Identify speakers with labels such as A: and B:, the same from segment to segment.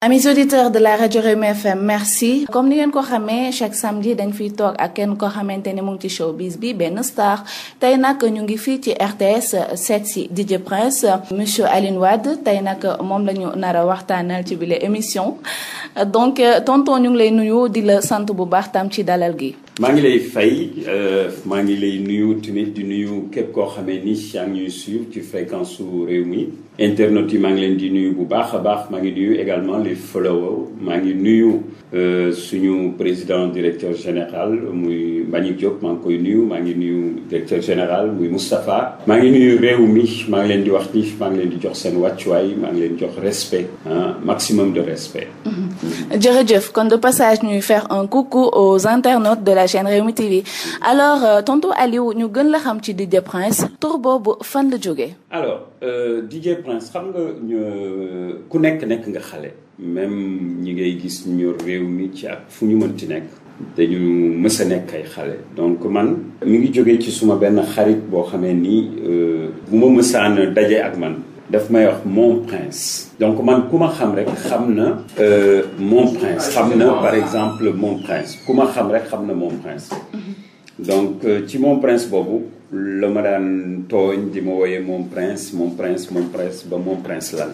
A: amis auditeurs de la rajo Rewmi FM merci comme ni ngeen ko xamee chaque samedi dañ fiy toog ak kenn koo xamante ni mu ngi ci bis bi benn star tey nag ñu ngi fii ci RTS seet si DJ Prince monsieur Aline Wade tey nag moom lañu ñu nar a waxtaanal ci bile émission donc euh, tonton ñu ngi lay nuyu di la sant bu baax tam ci dalal gi.
B: maa ngi lay fay euh, maa ngi lay nuyu tamit di nuyu képp koo xamee ni yaa ngi ñuy ci fréquence su réew mi. internet yi maa ngi leen di nuyu bu baax a baax maa ngi nuyu également les followers maa ngi nuyu euh, suñu président directeur général muy Mbagnick Diop maa ngi koy nuyu maa ngi nuyu directeur général muy Moustapha. maa ngi nuyu réew mi maa ngi leen di wax ni maa leen di jox seen wàccuwaay maa ngi leen di jox respect ah maximum de respect. Mhm.
A: jërëjëf kon de passage ñuy faire un coucou aux internautes de la chaîne Rewmi TV alors euh, tonton Aliou ñu gën la xam ci Dj Prince tur boobu fan la jógee.
B: alors euh, Dj prince xam nga euh, ku nekk nekk nga xale. même ñi ngay gis ñu réew mi ci ak fu ñu mënti nekk. dañu mës a nekk xale. donc man mu ngi jóge ci suma benn xarit boo xamee nii euh, bu ma mësaan daje ak man. daf may wax mon prince. donc man ku ma xam rek xam na. Euh, mon prince xam na par exemple mon prince ku ma xam rek xam na mon prince. Mhm. donc ci mon boobu. la ma daan tooñ di ma wooyee mon prince mon prince mon prince ba mon prince lan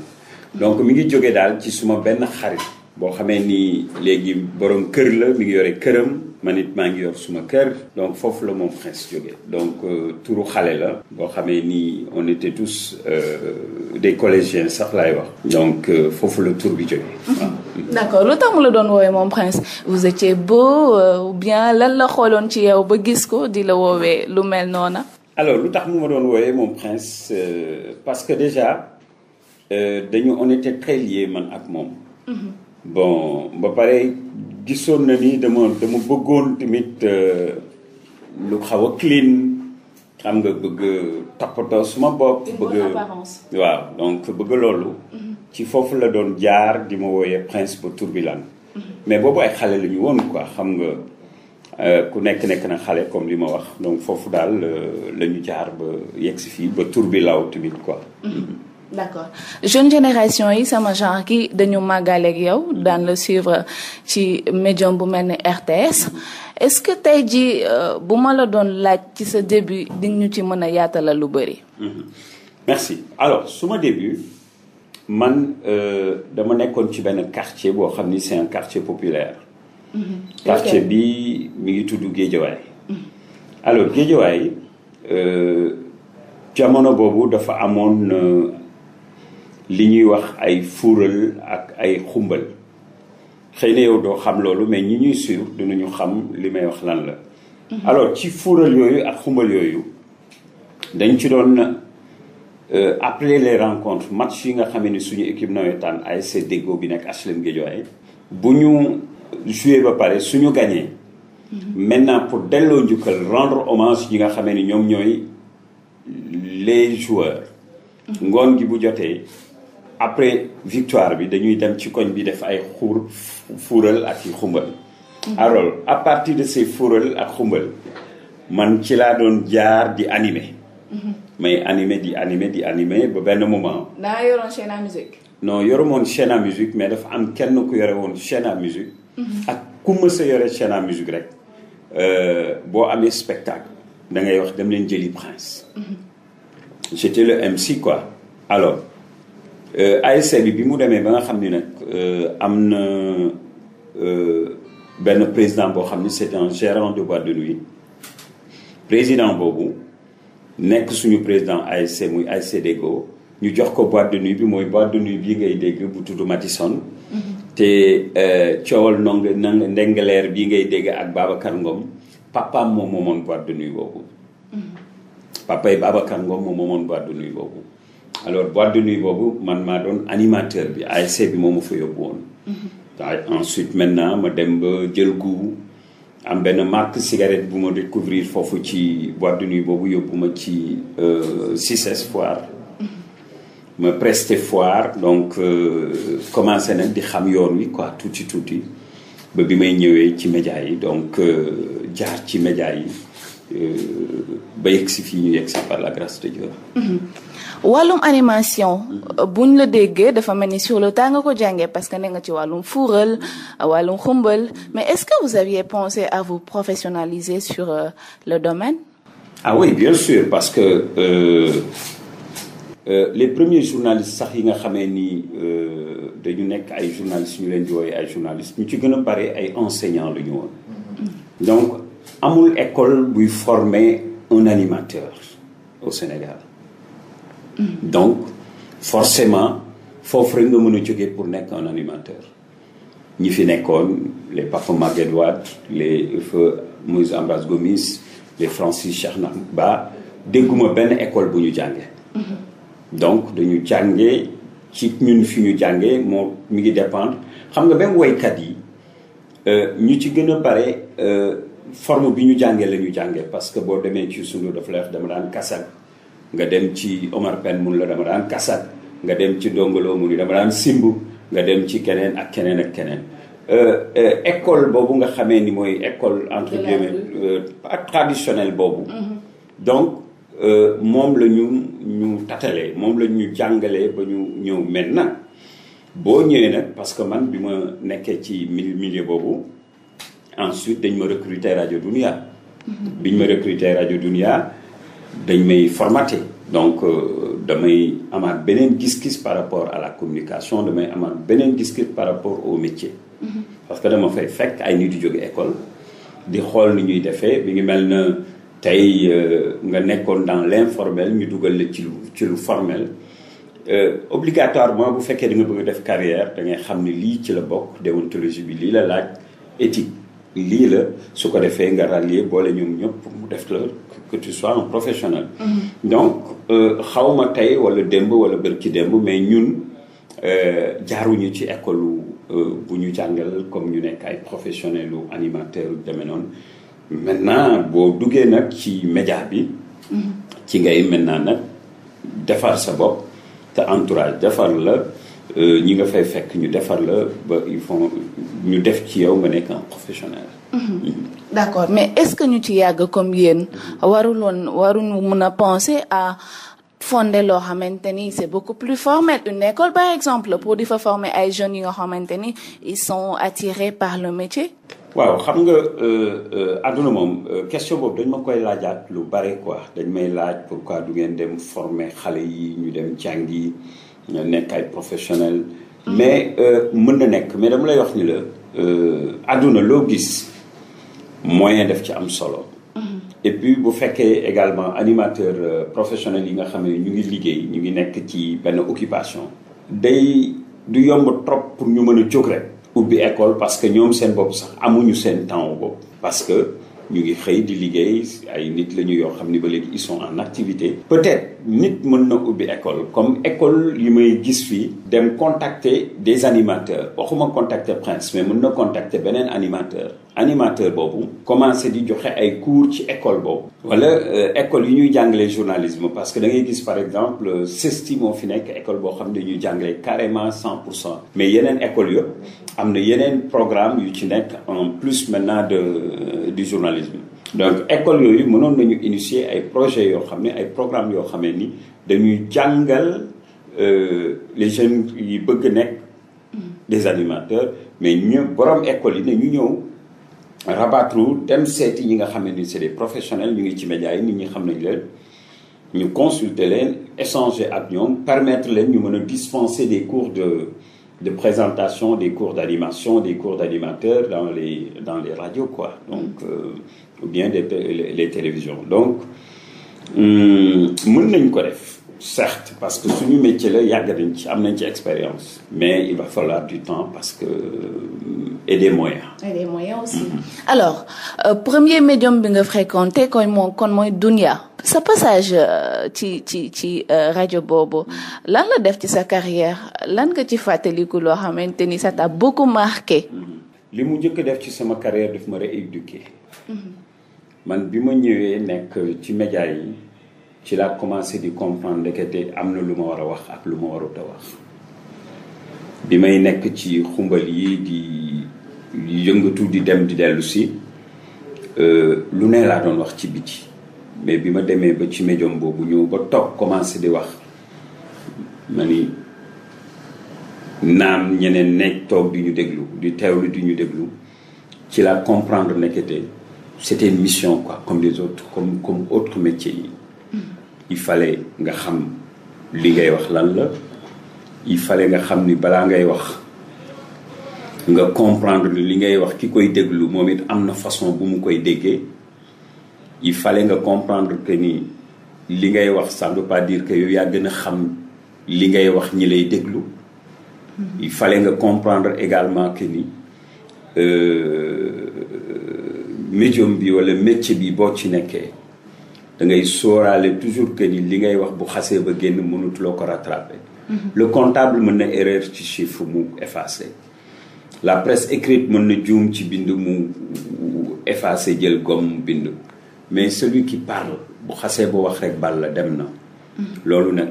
B: donc mi ngi jóge daal ci suma benn xarit boo xamee nii léegi borom kër la mi ngi yore këram man it maa ngi yor suma kër donc foofu la mon prince jógee donc euh, tour xale la boo xamee nii on était tous euh, des collégiens sax laay wax donc euh, foofu la tour bi jógee mhm. waaw
A: d' accord lu tax mu la doon wooye moom prince vous étiez beau euh, ou bien lan la xooloon ci yow ba gis ko di la woowee lu mel noona
B: alors lu tax mu ma doon woowee moom prince euh, parce que déjà euh, dañu on était très liés man ak moom. Mhm. bon ba pare gisoon na ni dama dama bëggoon tamit lu xaw a clean xam nga bëgg toppatoo suma bopp. bëgg waaw donc bëgg loolu. Mhm. ci foofu la doon jaar di ma wooyee prince bu Tourbilane mm-hmm. mais boobu ay xale la ñu woon quoi xam nga euh, ku nekk nekk na xale comme li ma wax donc foofu daal euh, la jaar ba yegg si fii ba Tourbilaw tamit quoi. Mm-hmm.
A: Mm-hmm. d' accord jeune génération yi sama genre ki dañu màggaleeg yow daan la suivre ci médiam bu mel ni RTS est ce que tey jii euh, bu ma la doon laaj ci sa début di ñu ci mën a yaatalal lu bëri.
B: merci alors suma début. man euh, dama nekkoon ci benn quartier boo xam ni c'est un quartier populaire.
C: Mm-hmm. quartier
B: bi mu ngi tudd Géejawaay. Mm-hmm. alors Géejawaay euh, jamono boobu dafa amoon euh, li ñuy wax ay fuural ak ay xumbal xëy na yow doo xam loolu mais ñi ñuy suivre dinañu xam li may wax lan la. Mm-hmm. alors ci fuural yooyu ak xumbal yooyu dañ ci doon. Euh, après les rencontres match yi nga xamee ni suñu équipe nawetaan ASC Deggo bi nekk HLM Guédiawaye bu ñu joué ba pare suñu gagné. Mm-hmm. maintenant pour delloo njukkal rendre hommage yi nga xamee ni ñoom ñooy les joueurs. Mm-hmm. ngoon gi bu jotee après victoire bi dañuy dem ci koñ bi def ay xuur fuural ak xumbal. Mm-hmm. alors à partir de ces fuural ak xumbal man ci laa doon jaar di animer. may animé di animé di animé ba benn moment.
A: daa yoroon chaîne à musique.
B: non yoroon chaîne à musique mais dafa am kenn ku yore woon chaîne à musique. Mhm. ak ku mës yore chaîne à musique rek. Euh, boo amee spectacle da ngay wax dem leen jëli prince. Mhm. j'étais le MC quoi alors euh, ay bi bi mu demee ba nga xam ni nag euh, am na benn président boo xam ni c'est un gérant de boîte de nuit président boobu. nekk suñu président ASC muy ASC Deggo ñu jox ko boîte de nuit bi mooy boîte de nuit bii ngay dégg bu tudd Matisson mm-hmm. te euh, coowal nong nang ndengaleer bii ngay dégg ak Babacar Ngom papaam moom moomoon boîte de nuit boobu
C: mm-hmm.
B: papa yi Babacar Ngom moom moomoon boîte de nuit boobu alors boîte de nuit boobu man maa doon animateur bi ASC bi moom mu fa yóbbu woon mm-hmm. ensuite maintenant ma dem ba jël goût am benn marque cigarette bu ma découvrir foofu ci boîte de nuit boobu yóbbu euh, mm-hmm. ma ci CICES foire ma presté foire donc euh, commencé nag di xam yoon wi quoi tuuti tuuti ba bi may ñëwee ci média yi donc euh, jaar ci média yi Euh, ba yegg si fii ñu yegg par la grâce de Dieu.
A: Mhm. wàllum animation. Euh, buñ la déggee dafa mel ni sur le temps nga ko jàngee parce que ne nga ci wàllum fuural wàllum xumbal mais est-ce que vous aviez pensé à vous professionaliser sur euh, le domaine.
B: ah oui bien sûr parce que euh, euh, les premiers journalistes sax yi nga xamee ni dañu nekk ay journalistes ñu leen di woowee ay journalistes ñu ci gën a bare ay enseignants la ñu woon mhm. amul école buy former un animateur au Sénégal mm. donc forcément foofu rek nga mën a jógee pour nekk un animateur ñi fi nekkoon les Papa Maguette Wade les feu Moïse Ambroise Gomis les Francis Cheikhna Ba dégguma benn école bu ñu jànge mm-hmm. donc dañu jànge ci ñun fi ñu jàngee moo mi ngi dépendre xam nga même woykat yi euh, ñu ci gën a bare euh, forme bi ñu jàngee la ñu jàngee parce que boo demee ci sunu dafa la wax dama daan kasag nga dem ci Omar Pène mun la dama daan kasag nga dem ci Dongolo mu ni dama daan simb nga dem ci keneen ak keneen ak keneen euh, euh, école boobu nga xamee ni mooy école entre guillemets euh, traditionnelle boobu mm-hmm. donc moom la ñu ñu tatalee moom la ñu jàngalee ba ñu ñëw maintenant boo ñëwee parce que man bi ma nekkee ci milieu boobu ensuite dañ ma recruter rajo bi ñu ma recruter rajo duniya dañ may formater. donc euh, damay amaat beneen gis-gis par rapport à la communication damay amaat beneen gis-gis par rapport au métier. parce que dama fay fekk ay nit yu jóge école. di xool ni ñuy defee bi ngi mel na tey euh, nga nekkoon dans l'informel ñu dugal la ci lu ci lu formel. Euh, obligatoirement bu fekkee da nga bëgg a def carrière da ngay xam ni lii ci la bokk déontologie bi lii la laaj éthique. lii la su ko defee nga rallier boole ñoom ñëpp pour mu def la que tu sois professionnel. Mm-hmm. donc euh, xaw ma tey wala démb wala bër ci démb mais ñun euh, jaaruñu ci école euh, bu ñu jàngal comme ñu nekk ay professionnels ou animateurs yu demee noonu maintenant boo duggee nag ci média bi. Mm-hmm. ci ngay maintenant nag defar sa bopp te entourage defar la. Euh, ñi nga fay fekk ñu defar la ba il faut ñu def ci yow nga nekk un professionnel.
A: Mhm. d' accord mais est ce que ñu ci yàgg comme yéen waruloon waruñu mun a penser à fonde loo xamante ni c' est beaucoup plus formel une école par exemple pour di fa former ay jeunes yoo xamante ni ils sont attirés par le métier.
B: waaw xam nga adduna euh, euh, moom question boobu dañ ma koy laajaat lu bare quoi dañ may laaj pourquoi du ngeen dem former xale yi ñu dem jàngi. ña nekk ay professionnel mais euh, mën na nekk mais dama lay wax ni la adduna euh, loo gis moyen def ci am solo mm-hmm. et puis bu fekkee également animateur euh, professionnel yi nga xam ne ñu ngi liggéey ñu ngi nekk ci benn occupation day du yomb trop pour ñu mën a jóg rek ubbi école parce que ñoom seen bopp sax amuñu seen temps bopp parce que ñu ngi xëy di liggéey ay nit la ñu yoo xam ni ba léegi ils sont en activité. peut-être nit mën na ubbi école comme école yi may gis fii dem contacter des animateurs waxuma contacter Prince mais mën na contacter beneen animateurs animateur boobu commencé di joxe ay cours ci école boobu wala euh, école yi ñuy jàngalee journalisme parce que da ngay gis par exemple CESTI euh, moo fi nekk école boo xam ne ñuy jàngalee carrément cent pour mais yeneen école yëpp am na yeneen programme yu ci nekk en plus maintenant de euh, du journalisme donc école mënoon nañu initier ay projets yoo xam ne ay programmes yoo xam ne ni dañuy jàngal les jeunes yi bëgg nekk mm. des animateurs mais ñu borom école yi ne ñu ñëw rabattre dem seeti ñi nga xam ne ni c'est des professionnels ñu ngi ci médias yi nit ñi xam nañ leen ñu consulter leen échanger ak ñoom permettre leen ñu mën a dispenser des cours de de présentation des cours d'animation des cours d'animateurs dans les dans les radios quoi donc euh, ou bien des les télévisions donc mën nañ ko def certes parce que suñu métier la yàgg nañ ci am nañ ci expérience mais il va falloir du temps parce que euh, et des moyens.
A: et aussi. Mm-hmm. alors euh, premier médium bi nga fréquenté kon moo kon mooy Dunia. sa passage euh, ci ci ci rajo boobu mm-hmm. lan la def ci sa carrière lan nga ci fàttaliku loo xamante ni sa t'a beaucoup marqué. Mm-hmm.
B: li mu njëkk def ci sama carrière daf ma rééduqué. man bi ma ñëwee nekk ci média yi. ci laa commencé di comprendre ndekete am na lu ma war a wax ak lu ma warut a wax bi may nekk ci xumbal yi di yëngatu di dem di dellusi si euh, lu ne laa doon wax ci biti mais bi ma demee ba ci médium boobu ñëw ba toog commencé di wax ma ni naam ñeneen nekk toog di ñu déglu di teewlu di ñu déglu ci la comprendre nekkete c'était une mission quoi comme les autres comme comme autres yi i fale nga xam li ngay wax lan la il fallait nga xam ni balaa ngay wax nga comprendre li ngay wax ki koy déglu moom it am na façon bu mu koy déggee i fale nga comprendre que ni li ngay wax ça ne pas dire que yow yaa gën a xam li ngay wax ñi lay déglu i fallait nga comprendre également que ni euh, médium bi walla métier bi boo ci nekkee da ngay sóoraale toujours que ni li ngay wax bu xasee ba génn mënutuloo ko rattraper. Mm-hmm. le comptable mën na erreur ci chiffre mu effacé. la presse écrite mën na juum ci bind mu effacé jël gomme bind. mais celui qui parle bu xasee ba wax rek bal dem na. Mm-hmm. loolu nag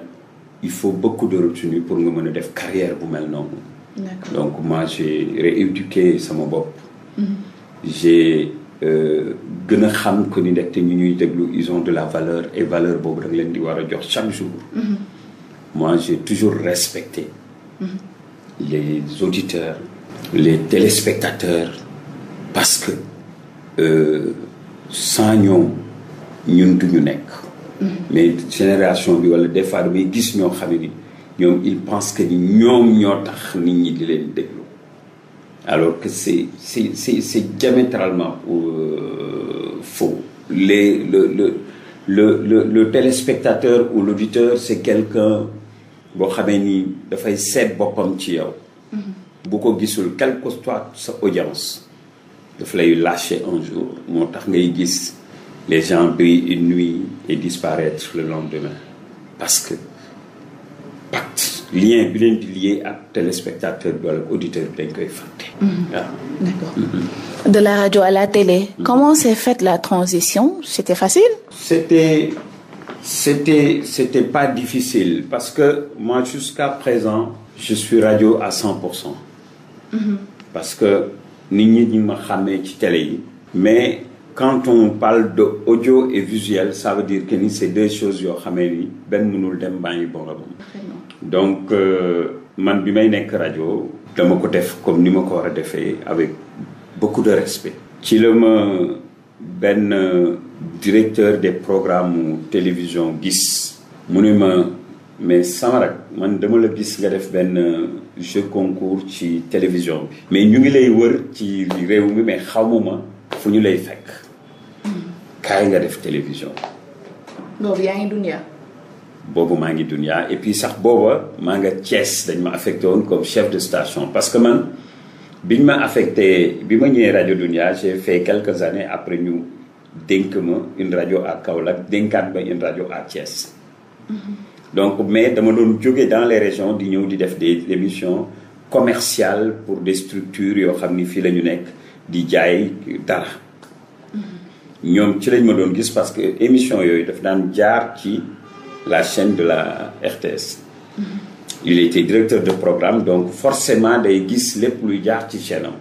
B: il faut beaucoup de pour nga mën a def carrière bu mel noonu. donc moi j'ai sama bopp. Mm-hmm. Euh, gën a xam que ni ndekte ñu ñuy déglu ils de la valeur et valeur boobu da leen di war a jox chaque jour. Mm-hmm. moi j'ai toujours respecté.
C: Mm-hmm.
B: les auditeurs. les téléspectateurs. parce que euh, sans ñoom ñun duñu nekk. Mm-hmm. mais génération bi wala des fois damay gis ñoom ils pensent que ñoom ñoo tax nit ñi déglu. alors que c'est c'est c'est c'est diamétralement euh, faux le le le le le téléspectateur ou l'auditeur c'est quelqu'un boo xamee ni dafay seet boppam ci yow. Mm-hmm. bu ko gisul quelle que soit sa audience daf lay lâcher un jour moo tax ngay gis les gens brillent une nuit et disparaître le lendemain parce que lien bi leen di lié ak téléspectateur bi wala auditeur bi dañ koy fàtte. Mhm. waaw d'accord mhm.
A: de la radio à la télé. Mhm. comment s'est faite la transition c'était facile.
B: c'était c'était c'était pas difficile parce que moi jusqu'à présent je suis radio à 100 pour parce que nit ñi ñu ma xàmmee télé yi. mais quand on parle de audio et visuel ça veut dire que ni c'est deux choses yoo xamee ni benn mënul dem bàyyi boroomam donc euh, man bi may nekk rajo dama ko def comme ni ma ko war a defee avec beaucoup de respect ci la ma benn directeur des programmes télévision gis mu ne ma mais sama rak man dama la gis nga def benn jeu concours ci télévision bi mais ñu ngi lay wër ci réew mi mais xamuma fu ñu lay fekk kaay nga def télévision.
A: boobu yaa ngi Dunia.
B: boobu maa ngi Dunia et puis sax booba maa nga Thiès dañ ma affecté woon comme chef de station parce que man biñ ma affecté bi ma ñëwee rajo Dunia j'ai fait quelques années après ñu dénk ma une rajo à Kaolack dénkaat ma une rajo à Thiès. Mm-hmm. donc mais dama doon jóge dans les régions di ñëw di def des émissions commerciales pour des structures yoo xam ni fii la ñu nekk di jaay dara. ñoom ci lañ ma doon gis parce que émission yooyu dafa daan jaar ci la chaîne de la RTS.
C: Mm-hmm.
B: il était directeur de programme donc forcément day gis lépp luy jaar ci chaîne am.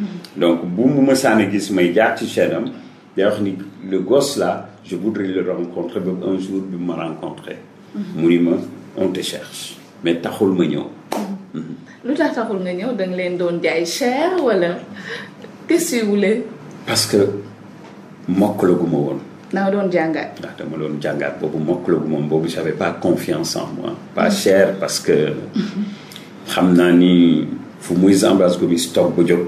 B: Mm-hmm. bu mu mësaan a gis may jaar ci chaîne am day wax ni le gosse là je voudrais le rencontrer ba un jour bi ma rencontrer mm-hmm. mu ni ma on cherche mais taxul ma ñëw.
A: lu tax taxul nga ñëw da leen doon jaay cher wala te siiwulee.
B: parce que. mokkalaguma woon.
A: naa doon jàngaat. ndax
B: ah, dama doon jàngaat boobu mokkalaguma boobu j'avais pas confiance en moi. pas cher parce que. xam naa ni fu Moïse Ambroise Gomis toog ba jóg.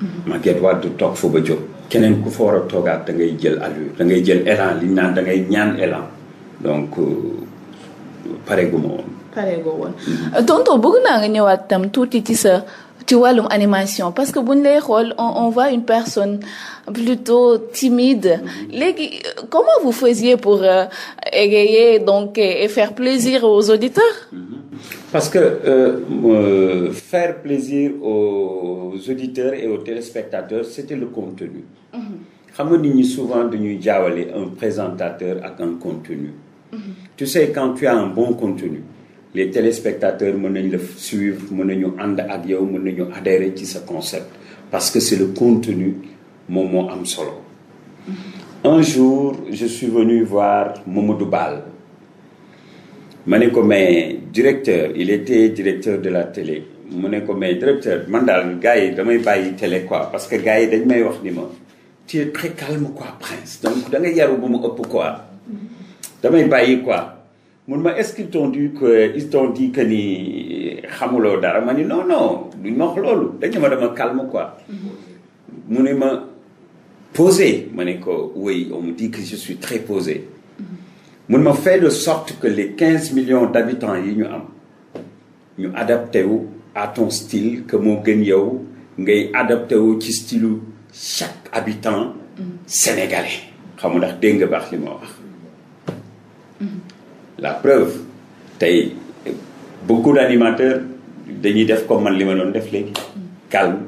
B: Mhm. Maguette Wade du toog fa ba jóg. keneen ku fa war a toogaat da ngay jël allure da ngay jël élan li naan da ngay ñaan élan donc euh, pare ma woon. pareegu woon mhm.
A: tonton bëgg naa nga ñëwaat tam tuuti ci sa. ci wàllum animation parce que bu ñu lay xool on on voit une personne plutôt timide léegi comment vous faisiez pour euh, égayer donc et faire plaisir aux auditeurs. Mm-hmm.
B: parce que euh, euh, faire plaisir aux auditeurs et aux téléspectateurs c'était le contenu. Mm-hmm. xam nga nit ñi souvent dañuy jaawale un présentateur ak un contenu. Mm-hmm. tu sais quand tu as un bon contenu. les téléspectateurs mën nañ la suivre mën nañu ànd ak yow mën nañu adhérer ci sa concept parce que c'est le contenu moom moo am solo mm-hmm. un jour je suis venu voir Mamadou baal ma ne ko mais directeur il était directeur de la télé mu ne ko mais directeur man daal gars yi damay bàyyi télé quoi parce que gars yi dañ may wax ni ma tu es très calme quoi Prince donc yaru bu mu ëpp quoi mm-hmm. damay bàyyi quoi mun ma est-ce qu'ils t'ont dit que ils t'ont dit que ni xamuloo dara ma ni non non duñ ma wax loolu dañu ma dama calme quoi.
C: Mm-hmm.
B: mu ne ma posé ma ne ko oui on me dit que je suis très mm-hmm. mun ma fait de sorte que les quinze millions d'habitants yi ñu am ñu adapté wu à ton style que moo gën yow ngay adapté wu ci style chaque habitant mm-hmm. sénégalais. xamu nga ndax dégg nga baax li ma wax. la preuve tey beaucoup d'animateurs dañuy def comme man li ma doon def léegi calme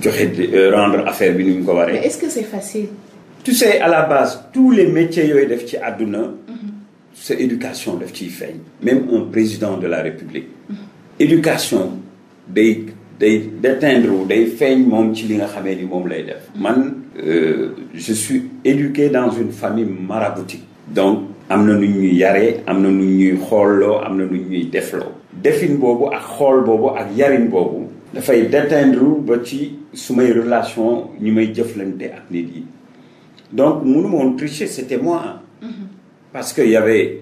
B: joxe euh, rendre affaire bi ni ñu ko waree.
A: ce que c'est facile.
B: tu sais à la base tous les métiers yooyu def ci adduna mhm. sa éducation def ciy feeñ. même un président de la république. Mhm. éducation day day déteindre day feeñ moom ci li nga xamee ni moom lay def. man euh, je suis éduqué dans une famille maraboutique. donc am na nu ñuy yare am na nu ñuy xoolloo am na nu ñuy defloo defin boobu ak xool boobu ak yarin boobu dafay déteindre ba ci sumay relation ñu may jëflante ak nit yi donc mënu moon tricher c'était moi mm-hmm. parce que y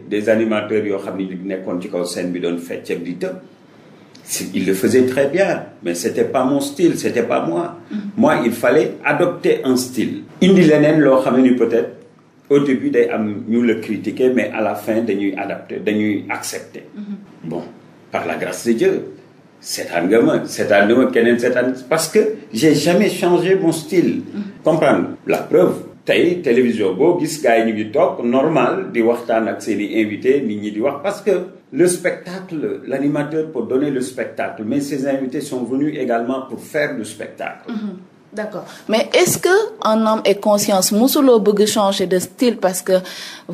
B: des animateurs yoo xam ne ñu nekkoon ci kaw scène bi doon fecc di tëb il le faisait très bien mais c'était pas mon style c'était pas moi mm-hmm. moi il fallait adopter un style indi leneen loo xam ne ni peut-être au début day am ñu la critiquer mais à la fin dañuy adapter dañuy accepter. Mm-hmm. bon par la grâce de Dieu seetaan nga ma seetaan nga ma keneen seetaan parce que j'ai jamais changé mon style. Mm-hmm. comprendre la preuve. tey télévision boo gis gars yi ñu ngi toog normal di waxtaan ak seen i invités nit ñi di wax parce que le spectacle l'animateur pour donner le spectacle mais ses invités sont venus également pour faire le spectacle.
A: Mm-hmm. d'accord mais est-ce que en homme et conscience mosuloo bëgg changer de style parce que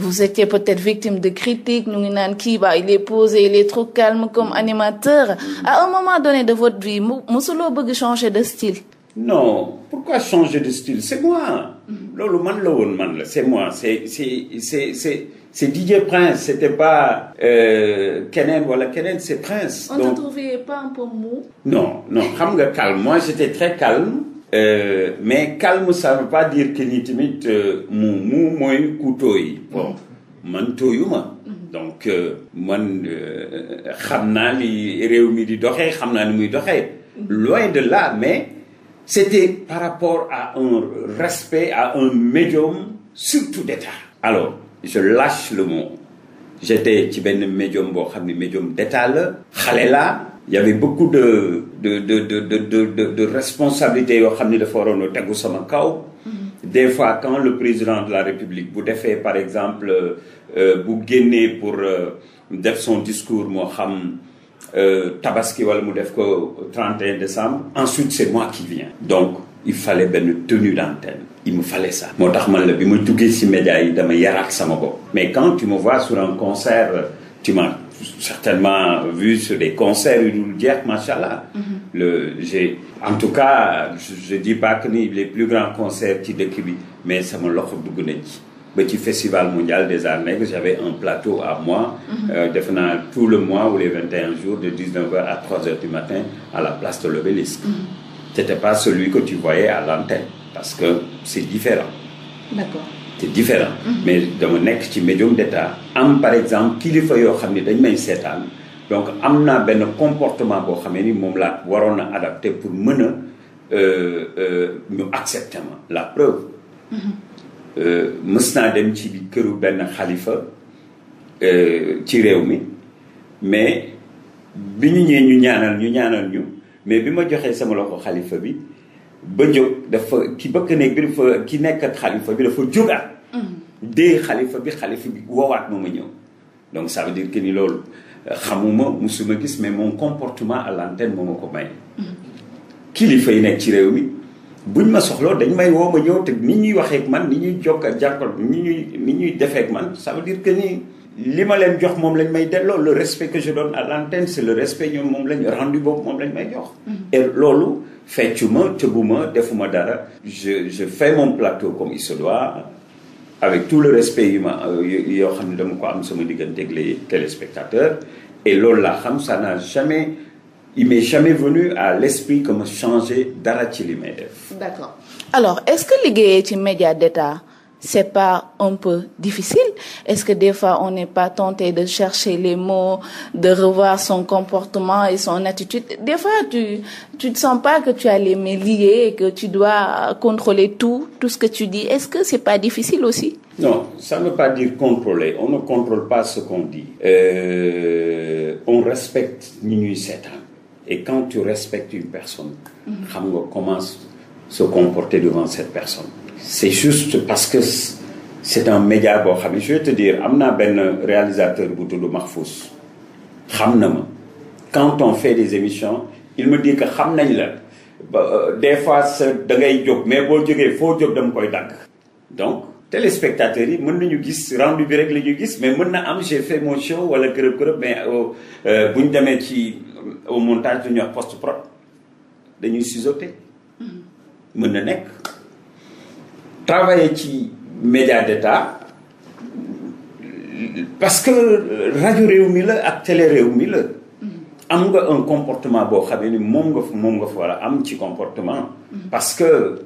A: vous étiez peut-être victime de critiques ñu ngi naan kii ba il est posé il est trop calme comme animateur à un moment donné de votre vie mosuloo bëgg changer de style
B: non pourquoi changer de style c'est moi mm-hmm. loolu man la woon man la c'est moi c'est c'est c'est c'est c'est DJ Prince c'était pas euh, keneen wala keneen c'est Prince. on ne te
A: trouvait pas un peu mou.
B: non non xam nga calme moi j'étais très calme. Euh, mais calme ça veut pas dire que ni mu euh, mu mooy ku tooy bon man tooyuma donc euh, man euh, xam naa ni réew mi di doxe xam naa ni muy doxee loin de là mais c'était par rapport à un respect à un médium surtout d'État alors je lâche le mot j'étais ci benn médium boo xam ni médium d'État la xale laa beaucoup de de de de de de de responsabilité yoo xam ni dafa waroon no tegu sama kaw. Mm-hmm. des fois quand le président de la république bu defee par exemple euh, bu génnee pour euh, def son discours moo xam euh, tabaski wala mu def ko 31 décembre. ensuite c'est moi qui viens. donc il fallait benn tenue d'antenne. il me fallait ça. moo tax man la bi ma duggee si média yi dama yaraat sama bopp. mais quand tu me vois sur un concert tu m'as certainement vu sur les concerts Idoul Diak, machallah. Mm -hmm. Le, mhm. en tout cas, je, ne dis pas que ni les plus grands concerts qui décrivent, mais ça me l'a Petit festival mondial des arts nègres, j'avais un plateau à moi, mm -hmm. euh, tout le mois ou les 21 jours, de 19h à 3h du matin, à la place de l'obélisque. Mhm. C'était pas celui que tu voyais à l'antenne, parce que c'est différent. c'est différent mm-hmm. mais dama nekk ci médium d'état am par exemple kilifa yoo xam ni dañ may seetaan donc am naa benn comportement boo xamee ni moom laa waroon na adapté pour mën a euh, euh, ñu accepté ma la preuve
C: mm-hmm.
B: euh, mës naa dem ci këru benn xalifa ci réew mi mais bi ñu ñëwee ñu ñaanal ñu ñaanal ñu mais bi ma joxee sama loxo xalifa bi ba jóg dafa ki bëkk néeg bi dafa ki nekk xalifa bi dafa jógaat ah. mhm. dee xalifa bi xalifa bi woowaat mooma ñëw donc ça veut dire que ni loolu xamuma suma gis mais moom comportement à l'antenne moo ma ko may mhm. kilifa yi nekk ci réew mi buñ ma soxloo dañ may woo ma ñëw te ni ñuy waxeek man ni ñuy jokk ak jàkkal ni ñuy ni ñuy defeek man sa veut dire que ni li ma jox moom lañ may delloo le respect que je donne à l'antenne c'est le respect ñoom moom lañ rendu boobu moom lañ may jox mm-hmm. et loolu feccuma tëgguma defuma dara je je fais mon plateau comme il se doit avec tout le respect yu ma yoo xam ne dama ko am sama diggante ak les téléspectateurs et loolu la xam ça n'a jamais il m'est jamais venu à l'esprit que ma changer dara ci li may def
A: d'accord alors est-ce que liggéeyee ci média d'État c'est pas un peu difficile? Est-ce que des fois on n'est pas tenté de chercher les mots, de revoir son comportement et son attitude? Des fois tu tu te sens pas que tu as les mains liées et que tu dois contrôler tout, tout ce que tu dis. Est-ce que c'est pas difficile aussi?
B: Non, ça ne veut pas dire contrôler. On ne contrôle pas ce qu'on dit. Euh, on respecte minuit sept ans. Et quand tu respectes une personne, mm-hmm. xam mm nga -hmm. comment se comporter devant cette personne. c'est juste parce que c'est un média boo xam ne je te dire am naa benn réalisateur bu max Mahfous xam na ma quand on fait des émissions il me dit que xam nañ la euh, des fois da ngay jóg mais boo jógee foo jóg dama koy dagg donc téléspectateurs yi mën nañu gis rendu bi rek la ñuy gis mais mën na am j'ai fait mon show wala kërëb kërëb mais euh, euh, bu ñu demee ci au montage du ñuy wax post prod dañuy sisoté mm-hmm. mën na nekk travailler ci média d'état parce que rajo réew mi la ak télé réew mi la mm-hmm. am nga un comportement boo xamee ni moom nga fa moom nga fa war a am ci comportement mm-hmm. parce que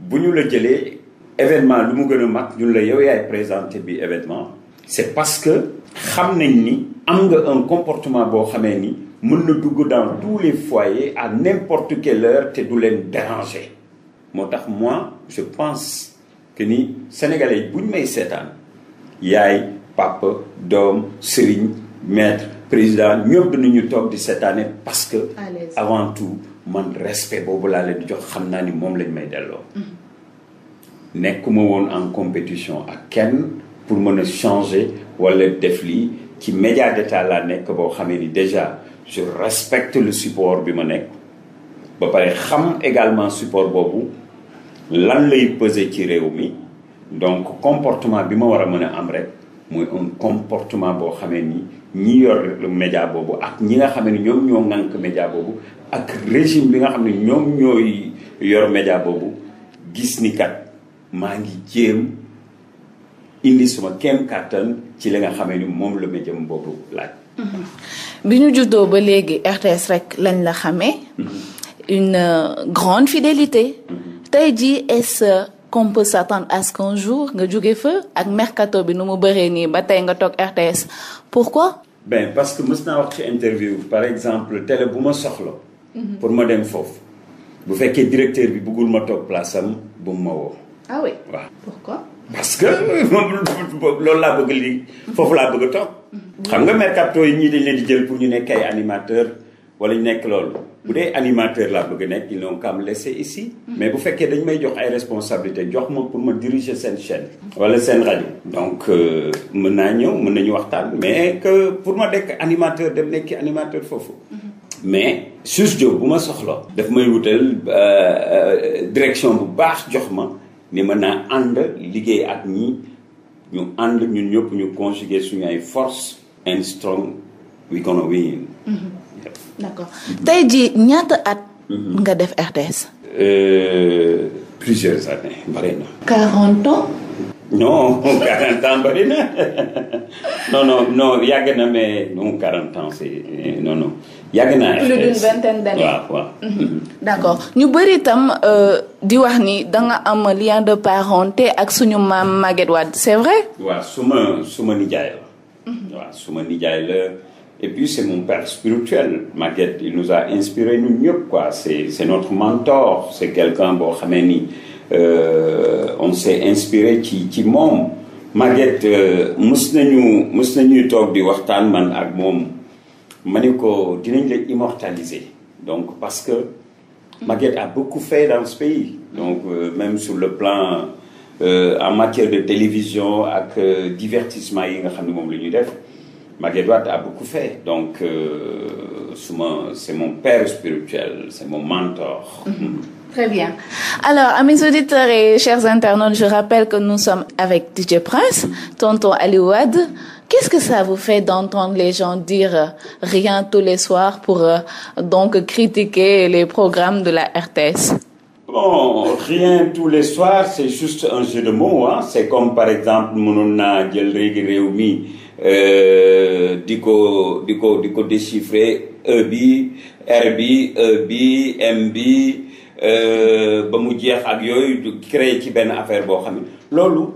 B: bu ñu la jëlee événement lu mu gën a mag ñun la yow yaay présenté bi événement c'est parce que xam nañ ni am nga un comportement boo xamee ni mën na dugg dans tous les foyers à n'importe quelle heure te du leen déranger moo tax moi je pense que ni sénégalais bu ñu may seetaan yaay papa doom sëriñ maître président ñëpp dinañu toog di seetaane parce que avant tout man respect boobu laa leen di jox xam naa ni moom lañ may delloo
C: mm-hmm.
B: nekkuma woon en compétition ak kenn pour mën a changer wala def lii ci média d'état laa nekk boo xamee ni déjà je respecte le support bi ma nekk ba pare xam également support boobu lan lay peser ci réew mi donc comportement bi ma war a mën a am rek mooy un comportement boo xamee ni ñi yor média boobu ak ñi nga xamee ni ñoom ñoo ŋànk média boobu ak régime bi nga xam ne ñoom ñooy yor média boobu gis ni kat maa ngi jéem indi suma kenn kàttan ci li nga xamee ni moom la média boobu laaj.
A: Mm-hmm. bi ñu juddoo ba léegi RTS rek lañ la xamee. Mm-hmm. une euh, grande fidélité. Mm-hmm. tey jii est-ce qu'on peut s'attendre jour nga jóge fa ak mercato bi nu mu bëree nii ba tey nga toog RTS ko
B: ben parce que mës naa wax ci interview par exemple télé bu ma soxla. Mhm. pour ma dem foofu. bu fekkee directeur bi bëggul ma toog place am bu mu ma woo. ah oui waaw pourquoi. parce que loolu laa bëgg lii foofu laa bëgg a toog. Mhm. xam nga mercato yi ñii dañ leen di jël pour ñu nekk animateur wala ñu nekk loolu bu dee animateur laa bëgg nekk ils n'ont qu'à me laisser ici. mais bu fekkee dañ may jox ay responsabilité jox ma pour ma diriger seen chaîne. wala seen rajo. donc euh, mën naa ñëw mën nañu waxtaan mais que pour ma dekk animateur dem nekki animateur foofu. mais Youssou Diop bu ma soxla. daf may wutal euh, euh, direction bu baax jox ma ni mën naa ànd liggéey at ñi ñu ànd ñu ñëpp ñu conjuguer suñu ay force and strong we gonna win. Mm-hmm.
A: d'accord tey jii ñaata at. Mhm. nga def RTS.
B: Euh, plusieurs années bari na. ans. non 40 ans bari na non non mais non 40 ans c'est non non yàgg naa. Euh, plus mhm.
A: Mhm. ñu bari itam euh, di wax ni danga nga am lien de parenté ak suñu maam Maguette Wade c'est vrai.
B: suma su nijaay la. et puis c'est mon père spirituel Maguette il nous a inspiré ñun ñëpp quoi c'est c'est notre mentor c'est quelqu'un boo xamee ni euh, on s'est inspiré ci ci moom Maguette euh, mës nañu mës nañuy toog di waxtaan man ak moom ma ne ko dinañ la immortaliser donc parce que Maguette a beaucoup fait dans ce pays donc euh, même sur le plan euh, en matière de télévision ak divertissement yi nga xam ne moom la ñuy def Maguette Wade a beaucoup fait donc euh, suma c'est mon père spirituel c'est mon mentor. Mhm. Mm-hmm.
A: Très bien. Alors, à mes auditeurs et chers internautes, je rappelle que nous sommes avec DJ Prince, tonton Aliou Wade. Qu'est-ce que ça vous fait d'entendre les gens dire rien tous les soirs pour euh, donc critiquer les programmes de la RTS?
B: Bon, rien tous les soirs, c'est juste un jeu de mots, hein. C'est comme par exemple mënoon naa jël Réewmi Euh, di ko di ko di ko déchiffrer E bi R bi E bi M bi euh, ba mu jeex ak yooyu créer ci benn affaire boo xam ne loolu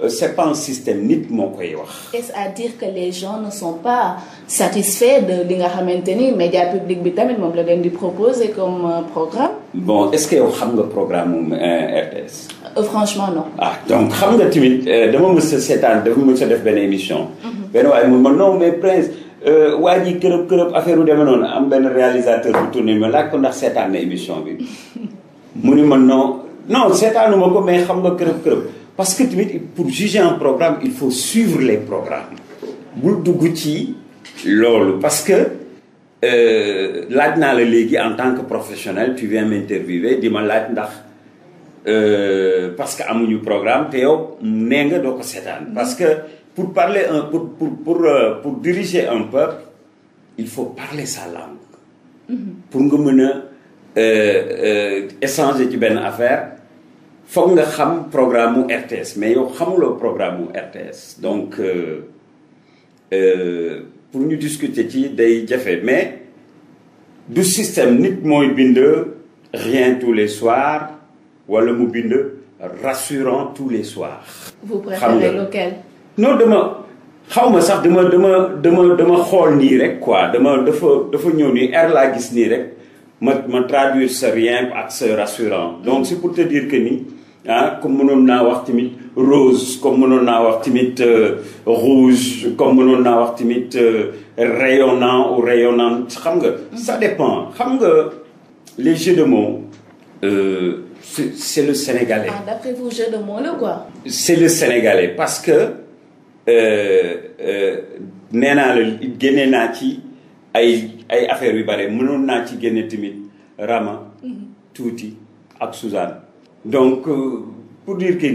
B: Euh, c'est pas un système nit moo koy wax.
A: est-ce à dire que les gens ne sont pas satisfaits de li nga xamante ni média public bi tamit moom la leen di proposer comme euh, programme.
B: bon est-ce que yow xam nga programme mu euh, RTS. franchement non. ah donc xam nga tamit dama mës a seetaan dama mës a def benn émission. Mhm. benn waaye mu ma non mais Prince waa ji kërëb kërëb affaire yu demee noonu am benn réalisateur bu tourné ma laaj ko na émission bi mu ni ma non non seetaanu ma ko mais xam nga kërëb kërëb. parce que tamit pour juger un programme il faut suivre les programmes bul dugg ci loolu parce que euh, laaj naa la léegi en tant que professionnel tu viens m'interviewer di ma laaj ndax euh, parce que amuñu programme te yow nee nga doo ko seetaan mm-hmm. parce que pour parler un pour pour pour euh, pour diriger un peuple il faut parler sa langue mm-hmm. pour nga mën a échanger ci benn affaire foog nga xam programme mu RTS mais yow xamuloo programme mu RTS donc euh, euh, pour ñu discuter ci day jafe mais du système nit mooy bind rien tous les soirs wala mu bind rassurant tous les soirs.
A: vous préférez lequel
B: dama xaw ma sax dama dama dama dama xool nii rek quoi dama dafa dafa ñëw nii air laa gis nii rek ma ma traduire sa rien ak sa rassurant donc c'est pour te dire que nii ah comme mënoon naa wax tamit rose comme mënoon naa wax tamit euh, rouge comme mënoon naa wax tamit euh, rayonnant ou rayonnante xam nga ça dépend xam nga les jeux de mots euh, c'est, c'est le sénégalais ah,
A: de mots la quoi
B: c'est le parce que euh, nee naa la génne naa ci ay ay affaires yu bare mënoon naa ci génne tamit Rama mhm. tuuti ak Suzanne Donc, euh, pour dire que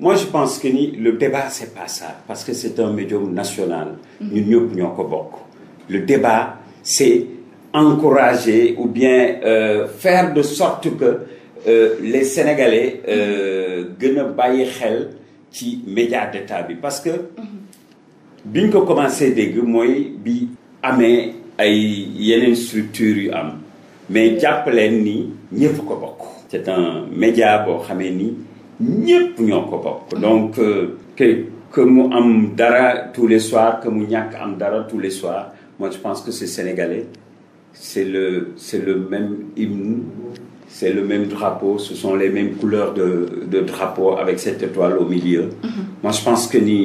B: moi je pense que ni le débat c'est pas ça parce que c'est un médium national. Mm-hmm. ñu ñëpp ñoo ko bokk. le débat c'est encourager ou bien euh, faire de sorte que euh, les Sénégalais euh, mm-hmm. gën a bàyyi xel ci média d'état bi parce que mm-hmm. biñ ko commencé dégg mooy bi amee ay yeneen structures yu am mais jàpp leen ni ñëpp ko bokk. c'est un média boo xamee ni ñépp ñoo ko bokk donc euh, que mu am dara tous les soirs que mu ñàkk am dara tous les soirs moi je pense que c'est sénégalais c'est le c'est le même hymne c'est le même drapeau ce sont les mêmes couleurs de de drapeau avec cette étoile au milieu mm -hmm. moi je pense que ni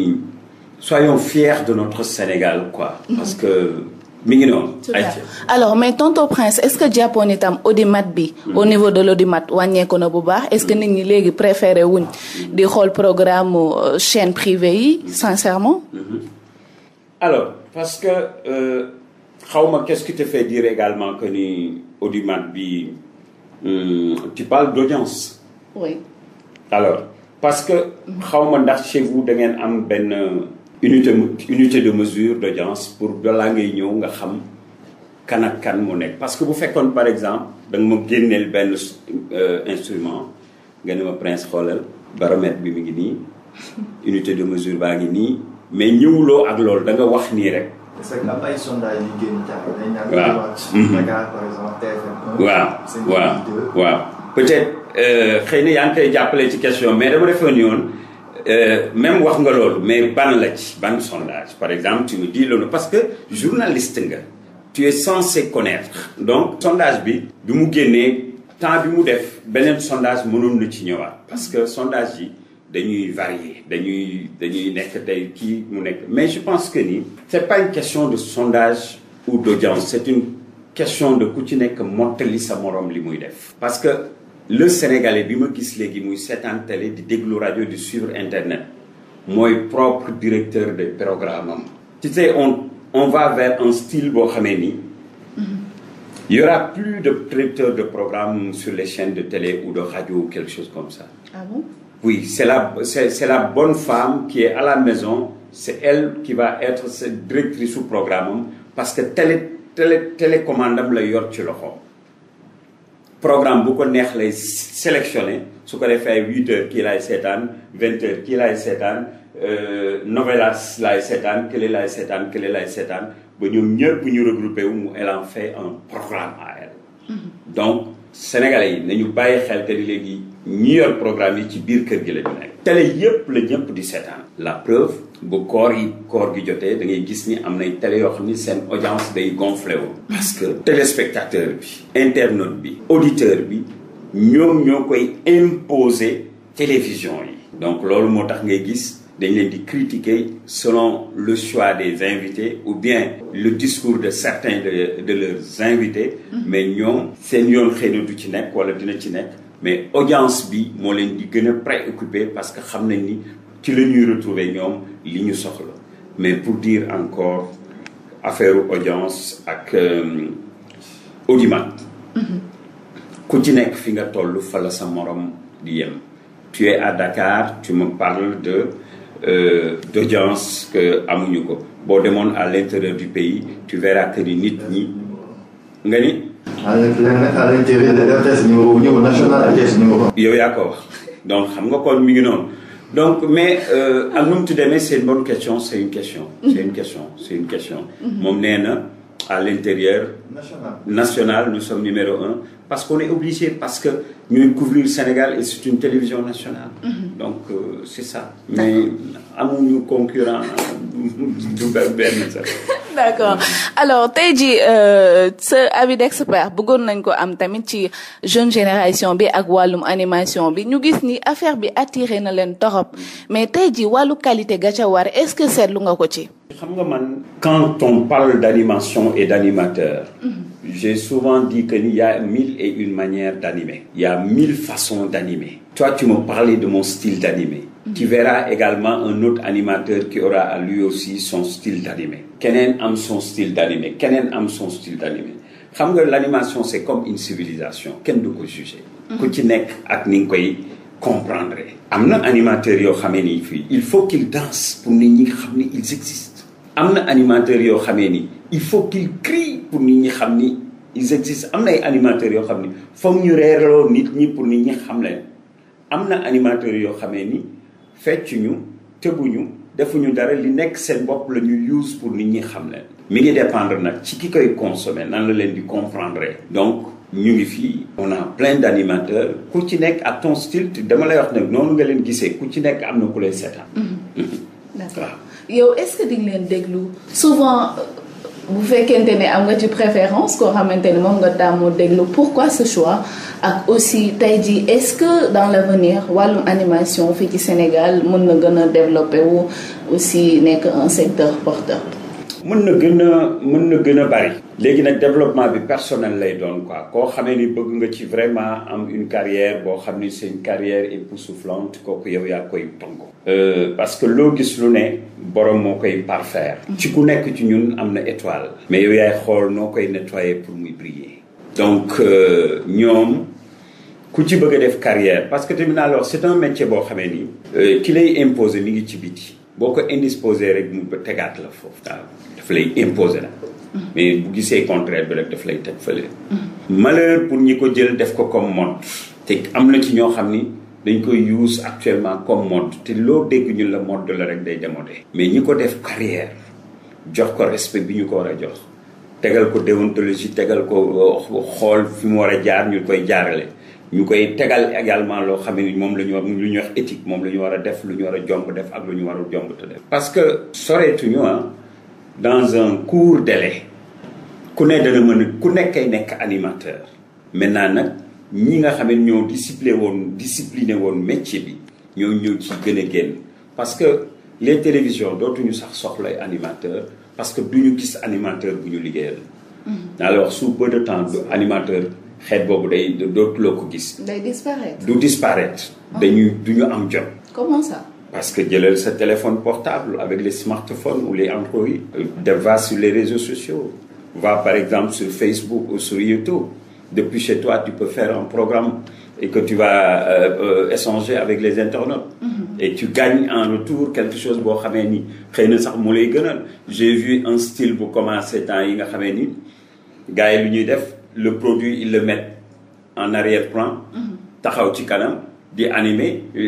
B: soyons fiers de notre Sénégal mm-hmm. parce que mi ngi noonu.
A: alors mais tonton Prince est-ce que jàppoon itam audimat bi. Mm-hmm. au niveau de l'audimat wàññeeku na bu baax est-ce que mm-hmm. nit ñi léegi préféré wuñ mm-hmm. di xool programme euh, chaîne privée yi sincèrement.
B: alors parce que euh, xawma qu'est-ce qui te fait dire également que ni audimat bi hmm, tu parles d'audience. oui. alors parce que xawma ndax chez vous da ngeen am unité unité de mesure d'audience pour balaa ngay ñëw nga xam kan kan mu nekk parce que bu fekkoon par exemple da nga ma génneel benn euh, instrument nga ne ma prince xoolal baromètre bi mu ngi nii unité de mesure baa ngi nii mais ñëwuloo ak loolu da nga wax nii rek. parce que am ay sondage yu génn peut-être euh, xëy na yaa ngi koy jàppale ci question mais dama defoon yoon. Euh, même wax nga loolu mais ban la ci ban sondage par exemple tu me dis loolu parce que journaliste nga tu es censé connaître donc sondage bi bi mu génnee temps bi mu def beneen sondage mënoon na ci ñëwaat parce que sondage yi dañuy varier dañuy dañuy nekk tey kii mu nekk mais je pense que ni c'est pas une question de sondage ou d'audience c'est une question de ku ci nekk mottali sa moroom li muy def parce que le sénégalais bi ma gis léegi muy seetaan télé di déglu rajo di suivre internet mooy propre directeur de programme am tu sais on on va vers un style boo xamee nii
C: mm-hmm.
B: il y plus de directeur de programme sur les chaînes de télé ou de radio ou quelque chose comme ça ah oui c'est la c'est c'est la bonne femme qui est à la maison c'est elle qui va être directrice su programme am parce que télé télé télécommande am la yor ci loxo programme bu ko neex lay sélectionné su ko defee huit heures kii laay seetaan vingt heures kii lay seetaan euh, novelas laay seetaan kële laay seetaan kële laay seetaan ba ñoom ñëpp ñu regroupé wu mu elle en fait un programme à elle. Mm-hmm. donc sénégalais yi nañu bàyyi xel te léegi ñi yor programme yi ci biir kër gi la ñu nekk. télé yëpp la ñëpp di seetaan. la preuve. bu koor yi koor gi jotee da ngay gis ni am nay télé yoo xam ni seen audience day gonflé parce que téléspectateur bi. internaute bi. auditeur bi ñoom ñoo koy imposer télévision yi. donc loolu moo tax ngay gis dañ leen di critiquer selon le choix des invités ou bien le discours de certains de de leurs invités. Mm-hmm. mais ñoom seen yoon xëy na du ci nekk wala dina ci nekk. mais audience bi moo leen di gën a préoccupé parce que xam nañ ni ci la ñuy retrouver ñoom li ñu soxla mais pour dire encore affaire audience ak euh, audimat mm-hmm. ku ci nekk fi nga tollu fa sa moroom di yem tu es à Dakar tu me parles de euh, d'audience que amuñu ko boo demoon à l'intérieur du pays tu verras que nit ñi nga ni à l'intérieur de RTS numéro ñëw national RTS numéro yow yaa ko wax donc xam nga kon mi noonu donc mais euh, ak nu mu ci demee c'est une bonne question c'est une question. c'est une question c'est une question. Mhm. moom nee na à l'intérieur. national national nous sommes numéro un. parce qu'on est obligé parce que ñooy couvrir Sénégal et c'est une télévision nationale. Mm-hmm. donc euh, c'est ça. mais amuñu concurrent
A: d'accord alors tey jii euh, sa avis d'expert bëggoon nañ ko am tamit ci jeune génération bi ak wàllum animation bi ñu gis ni affaire bi attiré na leen torop mais tey jii wàllu qualité ga Gathiaware est-ce que seetlu nga ko ci.
B: xam nga man quand on parle d'animation et d'animateur mhm. j'ai souvent dit que il y a mille et une manières d'animer il y a mille façons d'animer toi tu me parlais de mon style d'animer mhm. tu verras également un autre animateur qui aura à lui aussi son style d'animer keneen am son keneen am son xam nga l'animation c'est comme une civilisation kenn du ko juger mhm. ku ci nekk ak ni nga koy comprendre am na animateur yoo xamee ni fii il faut qu'il danse pour nit ñi xam ni am na animateurs yoo xamee nii il faut qu'ils crient pour nit ñi xam ni ils existent am na ay animateurs yoo xam ni foog ñu reerloo nit ñi pour nit ñi xam leen am na animateurs yoo xamee ni feccuñu tëbuñu defuñu dara li nekk seen bopp la ñu use pour nit ñi xam leen. mi ngi dépendre nag ci ki koy consommer nan la leen di comprendre donc ñu ngi fii on a plein d' animateurs ku ci nekk ak ton style dama lay wax nag noonu nga leen gisee ku ci nekk am na ku lay seetaan.
A: Mhm. yow est-ce que di leen déglu souvent bu fekkente ni am nga ci préférence koo xamante ni moom nga tàmmoo déglu pourquoi ce choix ak aussi tey jii est-ce que dans l'avenir wàllum animation fii ci Sénégal mën na gën a développer wu aussi nekk un secteur porteur.
B: mën na gën a mën na gën a bari. léegi nag développement bi personnel lay doon quoi koo xamee ni bëgg nga ci vraiment am une carrière boo xam ni c'est une carrière époustouflante kooku yow yaa koy tongo euh, parce que loo gis lu ne borom moo koy parfaire. ci ku nekk ci ñun am na étoile. mais yow yaay xool noo koy nettoyer pour muy briller. donc euh, ñoom. ku ci bëgg a def carrière parce que tamit naa la wax c'est un métier boo xamee ni. Euh, ki lay imposer mi ngi ci biti. boo ko indisposé rek mu tegaat la foofu daal dafa lay imposé la mais bu gisee contraire bi rek daf lay teg fële malheur pour ñi ko jël def ko comme mode te am na ci ñoo xam ni dañ koy use actuellement comme mode te loo dégg ñu la mode la rek day démodé mais ñi ko def carrière jox ko respect bi ñu ko war a jox tegal ko déontologie tegal ko euh, xool fi mu war a jaar ñu koy jaarale ñu koy tegal également loo xam ne moom la ñu war lu ñu wax éthique moom la ñu war a def lu ñu war a jomb def ak lu ñu warul jomb te def. parce que soreetuñu ah dans un court délai ku ne dana mën a ku nekkay nekk animateur. maintenant nag ñi nga xam ne ñoo discipliné woon discipliné woon métier bi ñoo ñëw ci gën a génn parce que les télévisions dootuñu sax soxlay animateur parce que duñu gis animateur bu ñu liggéeyal. Mm-hmm. alors sous peu de temps animateur. xeet boobu day dootuloo ko gis.
A: day disparaître
B: du disparaître. Ah. dañuy du ñu am jot. comment ça. parce que jëlal sa téléphone portable avec les smartphones ou les Android. de euh, va sur les réseaux sociaux. va par exemple sur Facebook ou sur YouTube depuis chez toi tu peux faire un programme que tu vas euh, euh, échanger avec les internautes. Mm -hmm. et tu gagnes en retour quelque chose boo xamee ni xëy na sax mu lay gënal. j'ai vu un style bu commencé temps yi nga xamee ni gars yi lu ñuy def. le produit ils le mettent en arrière-plan. Mhm. taxaw ci kanam di animer euh,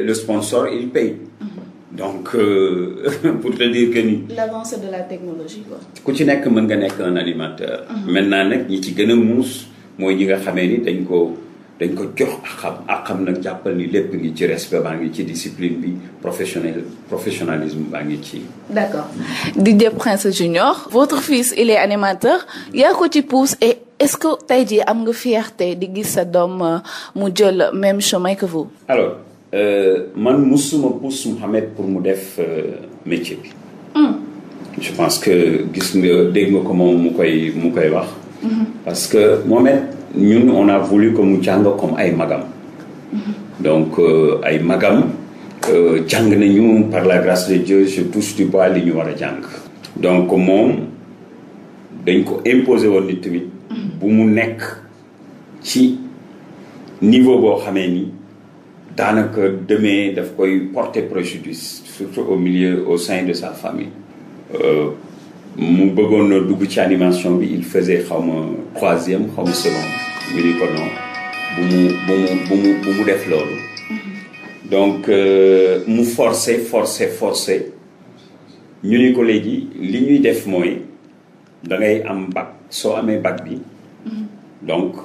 B: euh, le sponsor il paye. Mhm. donc euh, pour te dire que ni.
A: l'avancée de la technologie
B: ku ci nekk mën nga nekk un animateur. Mhm. maintenant nag ñi ci gën a muus mooy ñi nga xamee ni dañ ko dañ ko jox ak xam ak xam nag jàppal ni lépp ngi ci respect baa ngi ci discipline bi professionnel professionnalisme baa ngi ci.
A: d'accord Didier Prince Junior. votre fils il est animateur yaa ko ci pousse et. est-ce que tey jii am nga fierté di gis sa doom euh, mu jël même chemin que vous.
B: alors euh, man musuma pousse Mouhamed pour mu def euh, métier hmm. je pense que gis nga dégg nga ko moom mu koy mu koy wax. Hmm. parce que Mohamed ñun on a voulu que mu jàng comme ay magam. Hmm. donc ay magam jàng nañu par la grâce de Dieu je touche du bois li ñu war a jàng. donc moom dañ ko imposer woon nit tamit. bu mu nekk ci niveau boo xamee ni daanaka demee daf koy porter préjudice surtout au milieu au sein de sa famille euh, mu bëggoon na dugg ci animation bi il faisait xaw ma troisième xaw ma second ñu ni ko def loolu donc euh, mu forcé forcé forcé ñu ni ko léegi li ñuy def mooy dangay am bac soo amee bac bi donc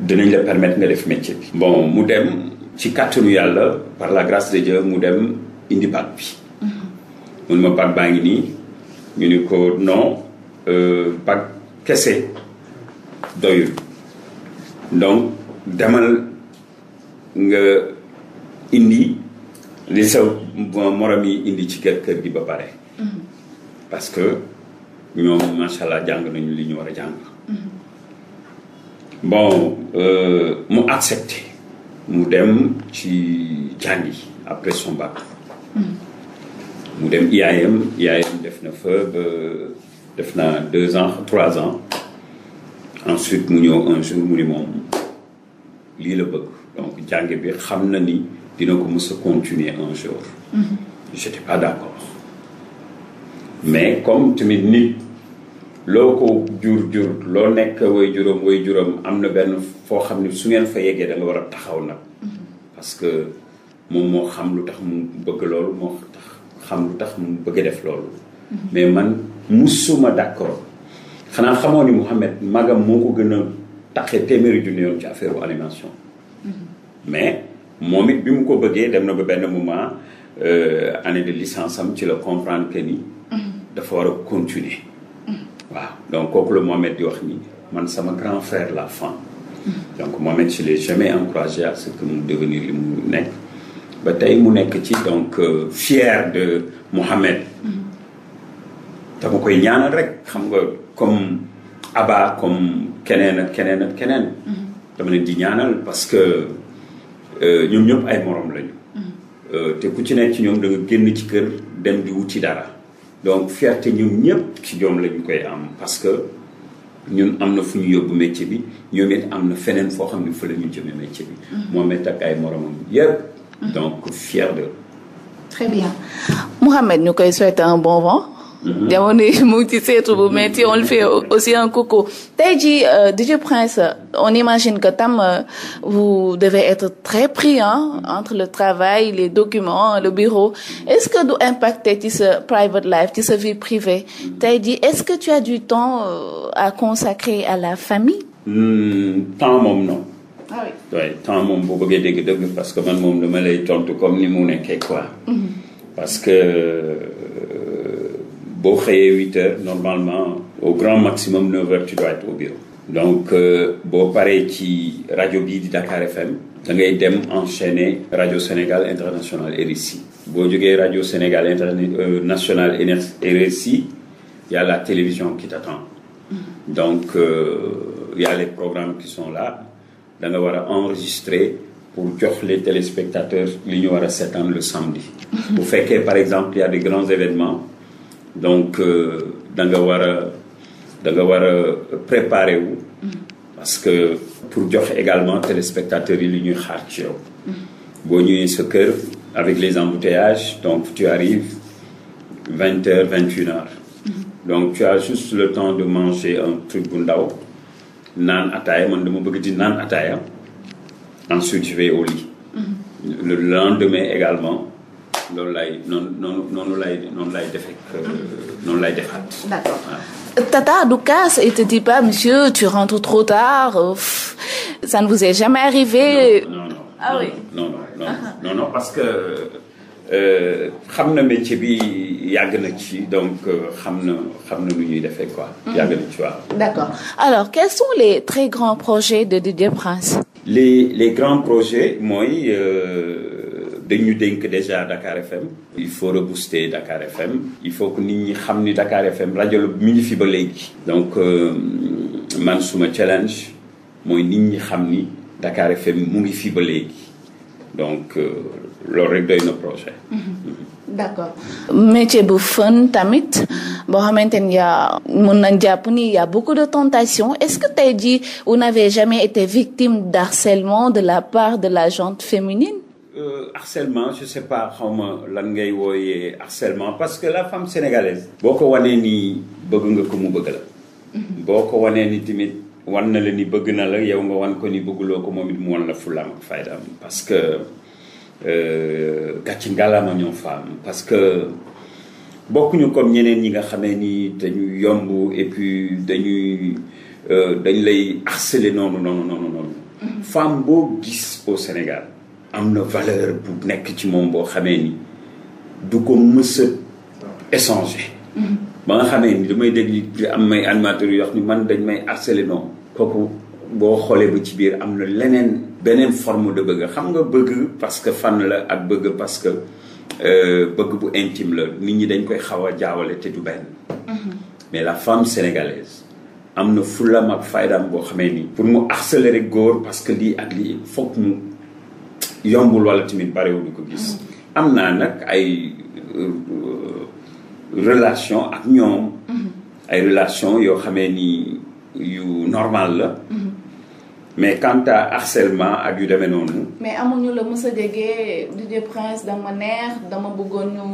B: dinañ la permettre nga def métier bi. bon mu dem ci kàttanu yàlla par la grâce de Dieu mu dem indi bac bi. Mm-hmm. mun ma baa ngi nii ñu ni ko non euh, bac kese doyul donc demal nga indi li sa morom yi indi ci kër kër gi ba pare. Mm-hmm. parce que ñoom macha allah jàng nañu li ñu war a jàng. Mm-hmm. bon euh, mu accepté mu dem ci jàngi après son bac
C: mu
B: dem IAM IAM def na fa ba def na deux ans trois ans ensuite mu ñëw un jour mu ni moom lii la bëgg donc jànge bi xam na ni dina ko mës continuer un jour mm-hmm. j'étais pas d'accord mais comme tamit nit loo ko jur jur loo nekk way juróom way juróom am na benn foo xam ni su ngeen fa yeggee da war a taxaw nag parce que moom moo xam lu tax mu bëgg loolu moo tax xam lu tax mu bëgg def loolu mais man musuma d'accord xanaa xamoo ni Mouhamed magam moo ko gën a taxe téeméeri junni ci affaire u animation mais moom it bi mu ko bëggee dem na ba benn moment euh, année de licence am ci la comprendre que ni dafa war a continuer waaw donc kooku la Mohamed di wax ni man sama grand frère la fan
C: mm-hmm.
B: donc Mohamed je l'ai jamais encouragé à ce que mu devenir li mu nekk ba tey mu nekk ci donc euh, fier de Mohamed mm-hmm. dama koy ñaanal rek xam nga comme Abba comme keneen ak keneen keneen mm-hmm. dama ne di ñaanal parce que euh, ñoom ñëpp ay morom lañu. Euh, te ku ci nekk ci ñoom da génn ci kër dem di wuti dara donc fierté ñoom ñëpp ci ñoom la ñu koy am parce que ñun am na fu ñu yóbbu métier bi ñoom it am na feneen foo xam ne fa la ñu jëme métier bi. Mm-hmm. moom it ak ay moromam yëpp. Mm-hmm. donc fier de.
A: très bien Mouhamed ñu koy souhaiter un bon vent. jamono yi mu ngi ci seetu bu metti on le fait aussi un coucou tey jii euh, DJ Prince on imagine que tam euh, vous devez être très pris hein, entre le travail les documents le bureau est-ce que du impacté ci sa private life ci sa vie privée tey jii est-ce que tu as du temps euh, à consacrer à la famille
B: hmm, temps moom non ah oui oui temps moom boo parce que man moom dama lay tontu comme mu nekkee quoi mhm. parce que boo xëyee huit heures normalement au grand maximum neuf heures tu dois être au bureau. donc euh, boo paree ci rajo bii di Dakar FM da ngay dem enchaîner rajo Sénégal international RSI boo jógee rajo Sénégal international euh, RSI y a la télévision qui t'attend mm-hmm. donc euh, y a les programmes qui sont là da nga war a enregistrer pour jox les téléspectateurs li ñu war a seetaan le samedi.
C: Mm-hmm. bu
B: fekkee par exemple y a des grands événements. donc euh, da nga war a da war a euh, préparer wu. Mm-hmm. parce que pour jox également téléspectateurs yi li ñuy xaar ci yow. Mm-hmm. boo ñëwee sa kër avec les embouteillages donc tu arrives vingt heures vingt heures. Mm-hmm. donc tu as juste le temps de manger un truc bu ndaw naan ataaya man dama bëgg di naan ataaya ensuite tu vas au lit. le lendemain également. loolu laay noonu noonu noonu laay noonu laay def ak euh, noonu laay defaat. d'accord
A: Tata Douka il te dit pas monsieur tu rentres trop tard euh, ça ne vous est jamais arrivé. non non
B: non ah oui non non non non ah. non parce que euh, xam na métier bi yàgg na ci donc xam na xam na lu ñuy defee quoi. Mm-hmm. yàgg na ci waaw.
A: d'accord alors quels sont les très grands projets de Didier Prince.
B: les les grands projets mooy. Euh, dañu dénk déjà Dakar FM. il faut rebooster Dakar FM. il faut que nit ñi xam ni Dakar FM rajo mi ngi fi ba léegi. donc euh, man suma challenge mooy ñi xam ni Dakar mu ngi fi ba léegi donc euh, loolu rek doy na projet.
A: Mhm. d'accord métier bu fun tamit boo xamante ni yaa mën nañ jàpp ni y a beaucoup de tentations est-ce que tey jii vous n'avez jamais été victime d'harcèlement de la part de la gente féminine.
B: Euh, harcèlement je sais pas xawma lan ngay wooyee harcèlement parce que la femme sénégalaise. boo ko wanee nii bëgg nga ko mu bëgg la. Mhm. boo ko wanee ni tamit wan na la ni bëgg na la yow nga wan ko ni bëgguloo ko moom it mu wan la fulaam ak faydaam parce que euh, gàcc ngalaama ñoom femme parce que bokkuñu kon ñeneen ñi nga xamee ni dañu yomb et puis dañuy euh, dañ lay harceler noonu noonu noonu noonu. Mhm. boo gis au Sénégal. am na valeur bu nekk ci moom boo xamee ni du ko mës échanger. Mm-hmm. ba nga xamee du may dégg di am may animateurs yoo xam ni man dañ may harceler noonu kooku boo xoolee ba ci biir am na leneen beneen forme de bëgg xam nga bëgg parce que fan la ak bëgg parce que euh, bëgg bu intime la nit ñi dañ koy xaw a jaawale te du benn mm-hmm. mais la femme sénégalaise am na fulam ak faydam boo xamee ni pour mu harceler góor parce que lii ak lii foog mu yombul wala tamit barewul di ko gis am naa nag ay euh, relation ak ñoom mm-hmm. ay relation yoo xamee ni yu normal la mm-hmm. mais quant à harcèlement ak yu demee noonu.
A: mais amuñu la mës a déggee DJ Prince dama neex dama bëggoon ñu